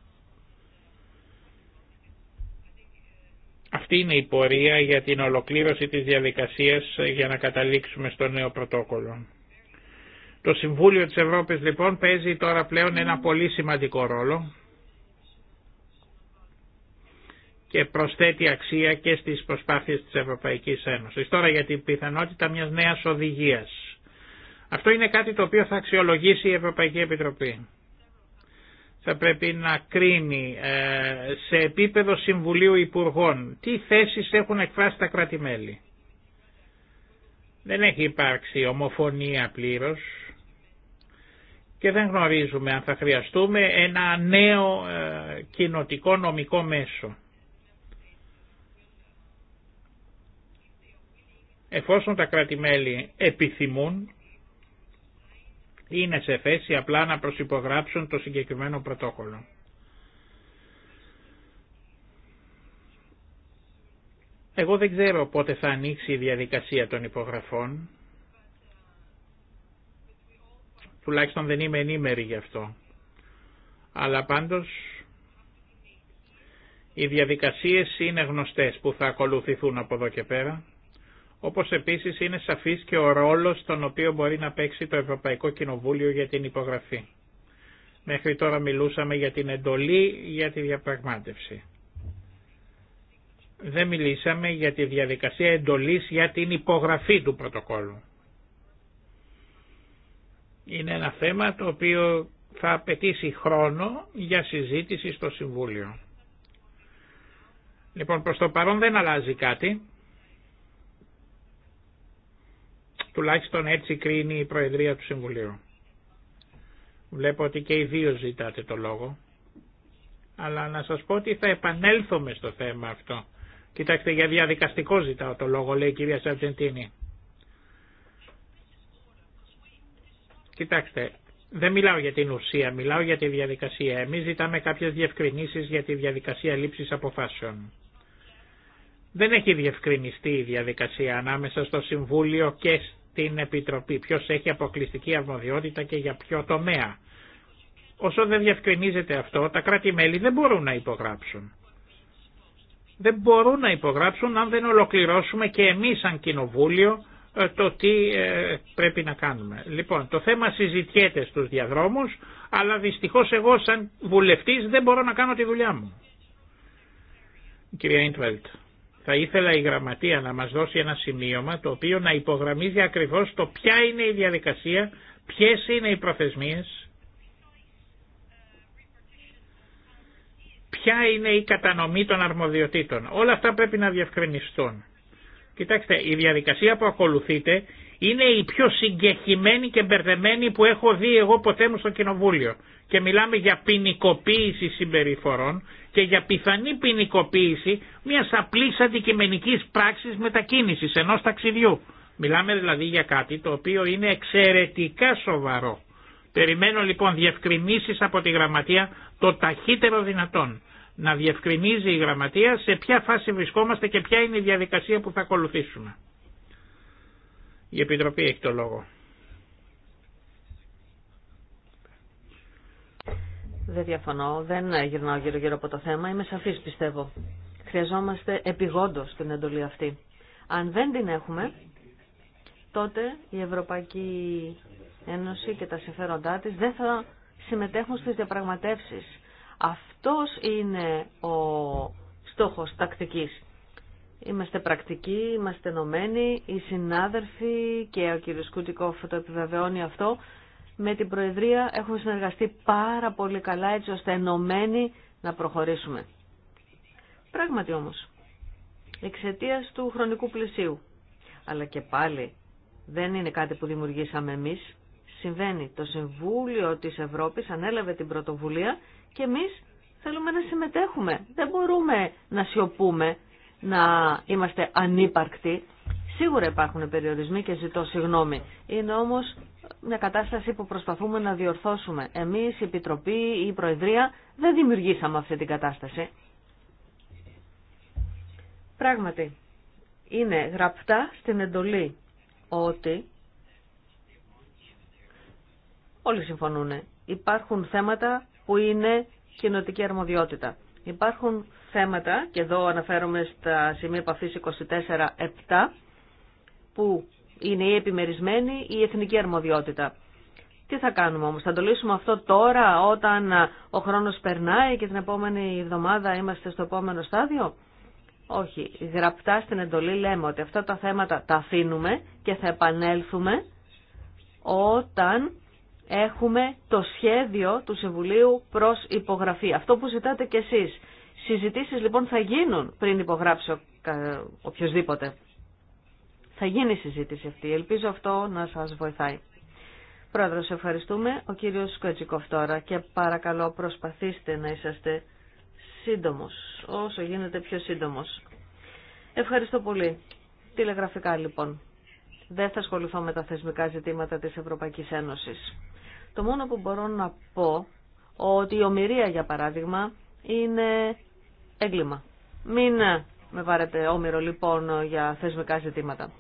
Αυτή είναι η πορεία για την ολοκλήρωση της διαδικασίας ε, για να καταλήξουμε στο νέο πρωτόκολλο. Το Συμβούλιο της Ευρώπης λοιπόν παίζει τώρα πλέον ένα πολύ σημαντικό ρόλο και προσθέτει αξία και στις προσπάθειες της Ευρωπαϊκής Ένωσης. Τώρα για την πιθανότητα μιας νέας οδηγίας. Αυτό είναι κάτι το οποίο θα αξιολογήσει η Ευρωπαϊκή Επιτροπή θα πρέπει να κρίνει ε, σε επίπεδο Συμβουλίου Υπουργών τι θέσεις έχουν εκφράσει τα κρατη Δεν έχει υπάρξει ομοφωνία πλήρως και δεν γνωρίζουμε αν θα χρειαστούμε ένα νέο ε, κοινοτικό νομικό μέσο. Εφόσον τα κράτη-μέλη επιθυμούν, είναι σε θέση απλά να προσυπογράψουν το συγκεκριμένο πρωτόκολλο. Εγώ δεν ξέρω πότε θα ανοίξει η διαδικασία των υπογραφών. Τουλάχιστον δεν είμαι ενήμερη γι' αυτό. Αλλά πάντως οι διαδικασίες είναι γνωστές που θα ακολουθηθούν από εδώ και πέρα όπως επίσης είναι σαφής και ο ρόλος τον οποίο μπορεί να παίξει το Ευρωπαϊκό Κοινοβούλιο για την υπογραφή. Μέχρι τώρα μιλούσαμε για την εντολή για τη διαπραγμάτευση. Δεν μιλήσαμε για τη διαδικασία εντολής για την υπογραφή του πρωτοκόλου. Είναι ένα θέμα το οποίο θα απαιτήσει χρόνο για συζήτηση στο Συμβούλιο. Λοιπόν, προς το παρόν δεν αλλάζει κάτι. Τουλάχιστον έτσι κρίνει η Προεδρία του Συμβουλίου. Βλέπω ότι και οι δύο ζητάτε το λόγο. Αλλά να σας πω ότι θα επανέλθουμε στο θέμα αυτό. Κοιτάξτε, για διαδικαστικό ζητάω το λόγο, λέει η κυρία Σαρτζεντίνη. Κοιτάξτε, δεν μιλάω για την ουσία, μιλάω για τη διαδικασία. Εμείς ζητάμε κάποιες διευκρινήσεις για τη διαδικασία λήψης αποφάσεων. Δεν έχει διευκρινιστεί η διαδικασία ανάμεσα στο Συμβούλιο και την Επιτροπή, ποιο έχει αποκλειστική αρμοδιότητα και για ποιο τομέα. Όσο δεν διευκρινίζεται αυτό, τα κράτη-μέλη δεν μπορούν να υπογράψουν. Δεν μπορούν να υπογράψουν αν δεν ολοκληρώσουμε και εμείς σαν κοινοβούλιο ε, το τι ε, πρέπει να κάνουμε. Λοιπόν, το θέμα συζητιέται στους διαδρόμους, αλλά δυστυχώς εγώ σαν βουλευτής δεν μπορώ να κάνω τη δουλειά μου. Κυρία Ιντβέλτ. Θα ήθελα η Γραμματεία να μας δώσει ένα σημείωμα το οποίο να υπογραμμίζει ακριβώς το ποια είναι η διαδικασία, ποιες είναι οι προθεσμίες, ποια είναι η κατανομή των αρμοδιοτήτων. Όλα αυτά πρέπει να διευκρινιστούν. Κοιτάξτε, η διαδικασία που ακολουθείτε είναι η πιο συγκεχημένη και μπερδεμένη που έχω δει εγώ ποτέ μου στο Κοινοβούλιο. Και μιλάμε για ποινικοποίηση συμπεριφορών και για πιθανή ποινικοποίηση μια απλή αντικειμενικής πράξης μετακίνησης ενός ταξιδιού. Μιλάμε δηλαδή για κάτι το οποίο είναι εξαιρετικά σοβαρό. Περιμένω λοιπόν διευκρινήσεις από τη γραμματεία το ταχύτερο δυνατόν να διευκρινίζει η γραμματεία σε ποια φάση βρισκόμαστε και ποια είναι η διαδικασία που θα ακολουθήσουμε. Η Επιτροπή έχει το λόγο. Δεν διαφωνώ, δεν γυρνάω γύρω-γύρω από το θέμα, είμαι σαφής πιστεύω. Χρειαζόμαστε επιγόντως την εντολή αυτή. Αν δεν την έχουμε, τότε η Ευρωπαϊκή Ένωση και τα συμφέροντά της δεν θα συμμετέχουν στις διαπραγματεύσεις αυτός είναι ο στόχος τακτικής. Είμαστε πρακτικοί, είμαστε ενωμένοι, οι συνάδελφοι και ο κ. Κούτικοφ το επιβεβαιώνει αυτό. Με την Προεδρία έχουμε συνεργαστεί πάρα πολύ καλά έτσι ώστε ενωμένοι να προχωρήσουμε. Πράγματι όμως, εξαιτία του χρονικού πλησίου, Αλλά και πάλι δεν είναι κάτι που δημιουργήσαμε εμείς. Συμβαίνει. Το Συμβούλιο της Ευρώπης ανέλαβε την πρωτοβουλία και εμείς θέλουμε να συμμετέχουμε. Δεν μπορούμε να σιωπούμε, να είμαστε ανύπαρκτοι. Σίγουρα υπάρχουν περιορισμοί και ζητώ συγγνώμη. Είναι όμως μια κατάσταση που προσπαθούμε να διορθώσουμε. Εμείς, η Επιτροπή, η Προεδρία δεν δημιουργήσαμε αυτή την κατάσταση. Πράγματι, είναι γραπτά στην εντολή ότι όλοι συμφωνούν. Υπάρχουν θέματα που είναι κοινοτική αρμοδιότητα. Υπάρχουν θέματα, και εδώ αναφέρομαι στα σημεια επαφη επαφής 24-7, που είναι η επιμερισμένη ή η εθνική αρμοδιότητα. Τι θα κάνουμε όμως, θα το αυτό τώρα όταν ο χρόνος περνάει και την επόμενη εβδομάδα είμαστε στο επόμενο στάδιο. Όχι, γραπτά στην εντολή λέμε ότι αυτά τα θέματα τα αφήνουμε και θα επανέλθουμε όταν έχουμε το σχέδιο του Συμβουλίου προς υπογραφή. Αυτό που ζητάτε κι εσείς. Συζητήσεις λοιπόν θα γίνουν πριν υπογράψει οποιοδήποτε. Θα γίνει η συζήτηση αυτή. Ελπίζω αυτό να σας βοηθάει. σε ευχαριστούμε. Ο κύριος Κοτσικόφ τώρα και παρακαλώ προσπαθήστε να είσαστε σύντομος, όσο γίνεται πιο σύντομος. Ευχαριστώ πολύ. Τηλεγραφικά λοιπόν. Δεν θα ασχοληθώ με τα θεσμικά ζητήματα της Ευρωπαϊκής Ένωσης. Το μόνο που μπορώ να πω ότι η ομοιρία για παράδειγμα είναι έγκλημα. Μην με βάρετε όμοιρο λοιπόν για θεσμικά ζητήματα.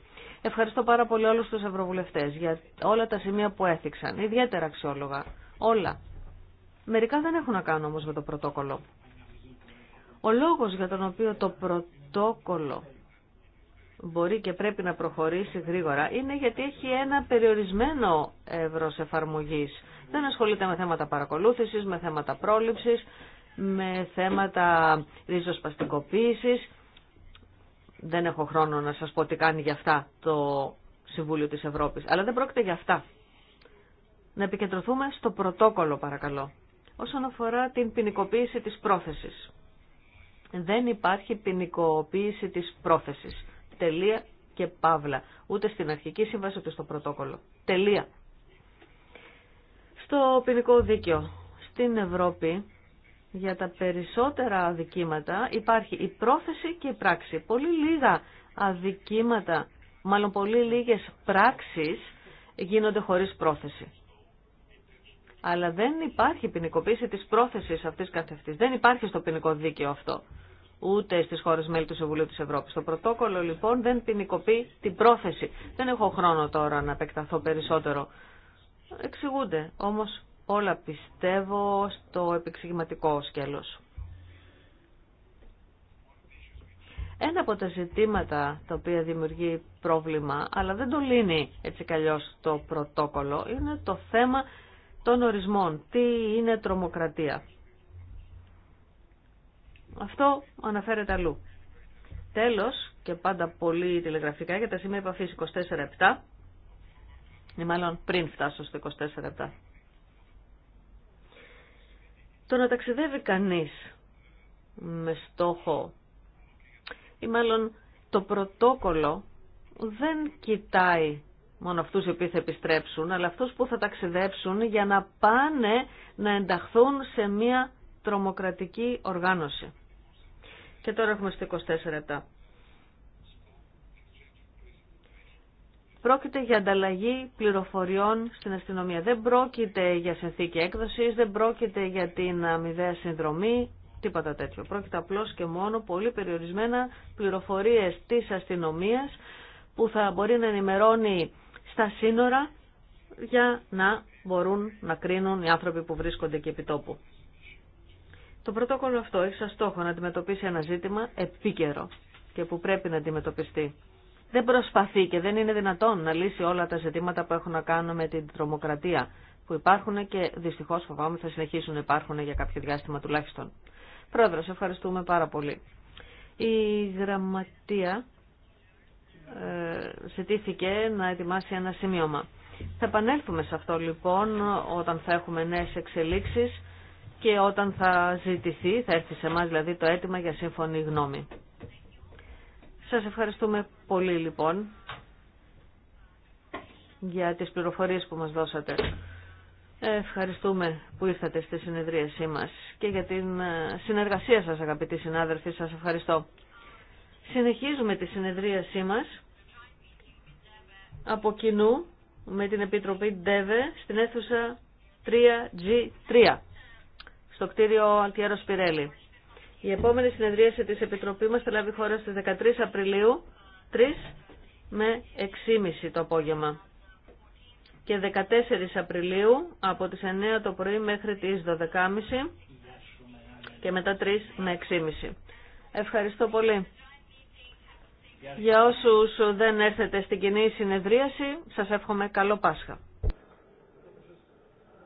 Ευχαριστώ πάρα πολύ όλους τους ευρωβουλευτές για όλα τα σημεία που έθιξαν, ιδιαίτερα αξιόλογα, όλα. Μερικά δεν έχουν να κάνουν όμως με το πρωτόκολλο. Ο λόγος για τον οποίο το πρωτόκολλο μπορεί και πρέπει να προχωρήσει γρήγορα είναι γιατί έχει ένα περιορισμένο εύρο εφαρμογή. Δεν ασχολείται με θέματα παρακολούθησης, με θέματα πρόληψης, με θέματα ριζοσπαστικοποίηση. Δεν έχω χρόνο να σα πω τι κάνει για αυτά το Συμβούλιο της Ευρώπης, αλλά δεν πρόκειται για αυτά. Να επικεντρωθούμε στο πρωτόκολλο παρακαλώ, όσον αφορά την ποινικοποίηση τη πρόθεση. Δεν υπάρχει ποινικοποίηση της πρόθεσης. Τελεία και παύλα. Ούτε στην αρχική σύμβαση ούτε στο πρωτόκολλο. Τελεία. Στο ποινικό δίκαιο. Στην Ευρώπη για τα περισσότερα αδικήματα υπάρχει η πρόθεση και η πράξη. Πολύ λίγα αδικήματα, μάλλον πολύ λίγες πράξεις γίνονται χωρίς πρόθεση. Αλλά δεν υπάρχει ποινικοποίηση της πρόθεσης αυτής καθευτής. Δεν υπάρχει στο ποινικό δίκαιο αυτό ούτε στις χώρες μέλη του Συμβουλίου της Ευρώπης. Το πρωτόκολλο λοιπόν δεν ποινικοποιεί την πρόθεση. Δεν έχω χρόνο τώρα να επεκταθώ περισσότερο. Εξηγούνται όμως όλα πιστεύω στο επεξηγηματικό σκέλος. Ένα από τα ζητήματα τα οποία δημιουργεί πρόβλημα, αλλά δεν το λύνει έτσι καλώς το πρωτόκολλο, είναι το θέμα των ορισμών. Τι είναι τρομοκρατία. Αυτό αναφέρεται αλλού. Τέλος, και πάντα πολύ τηλεγραφικά για τα σημεία επαφής 24-7, ή μάλλον πριν φτάσω στο 24-7. Το να ταξιδεύει κανείς με στόχο ή μάλλον το πρωτόκολλο δεν κοιτάει μόνο αυτούς οι οποίοι θα επιστρέψουν, αλλά αυτούς που θα ταξιδέψουν για να πάνε να ενταχθούν σε μια τρομοκρατική οργάνωση. Και τώρα έχουμε στο 24 λεπτά. Πρόκειται για ανταλλαγή πληροφοριών στην αστυνομία. Δεν πρόκειται για συνθήκη έκδοσης, δεν πρόκειται για την αμοιβαία συνδρομή, τίποτα τέτοιο. Πρόκειται απλώς και μόνο πολύ περιορισμένα πληροφορίες της αστυνομίας που θα μπορεί να ενημερώνει στα σύνορα για να μπορούν να κρίνουν οι άνθρωποι που βρίσκονται εκεί επί τόπου. Το πρωτόκολλο αυτό έχει σαν στόχο να αντιμετωπίσει ένα ζήτημα επίκαιρο και που πρέπει να αντιμετωπιστεί. Δεν προσπαθεί και δεν είναι δυνατόν να λύσει όλα τα ζητήματα που έχουν να κάνουν με την τρομοκρατία που υπάρχουν και δυστυχώ φοβάμαι θα συνεχίσουν να υπάρχουν για κάποιο διάστημα τουλάχιστον. Πρόεδρο, ευχαριστούμε πάρα πολύ. Η γραμματεία ε, ζητήθηκε να ετοιμάσει ένα σημείωμα. Θα επανέλθουμε σε αυτό λοιπόν όταν θα έχουμε νέες εξελίξεις και όταν θα ζητηθεί, θα έρθει σε μας, δηλαδή το αίτημα για σύμφωνη γνώμη. Σας ευχαριστούμε πολύ λοιπόν για τις πληροφορίες που μας δώσατε. Ευχαριστούμε που ήρθατε στη συνεδρίασή μας και για την ε, συνεργασία σας αγαπητοί συνάδελφοι. Σας ευχαριστώ. Συνεχίζουμε τη συνεδρίασή μας από κοινού με την Επιτροπή ΔΕΒΕ στην αίθουσα 3G3 στο κτίριο Αλτιέρο Σπιρέλη. Η επόμενη συνεδρίαση της Επιτροπής μας θα λάβει χώρα στις 13 Απριλίου, 3 με 6.30 το απόγευμα και 14 Απριλίου από τις 9 το πρωί μέχρι τις 12.30 και μετά 3 με 6.30. Ευχαριστώ πολύ. Για όσους δεν έρθετε στην κοινή συνεδρίαση, σας εύχομαι καλό Πάσχα.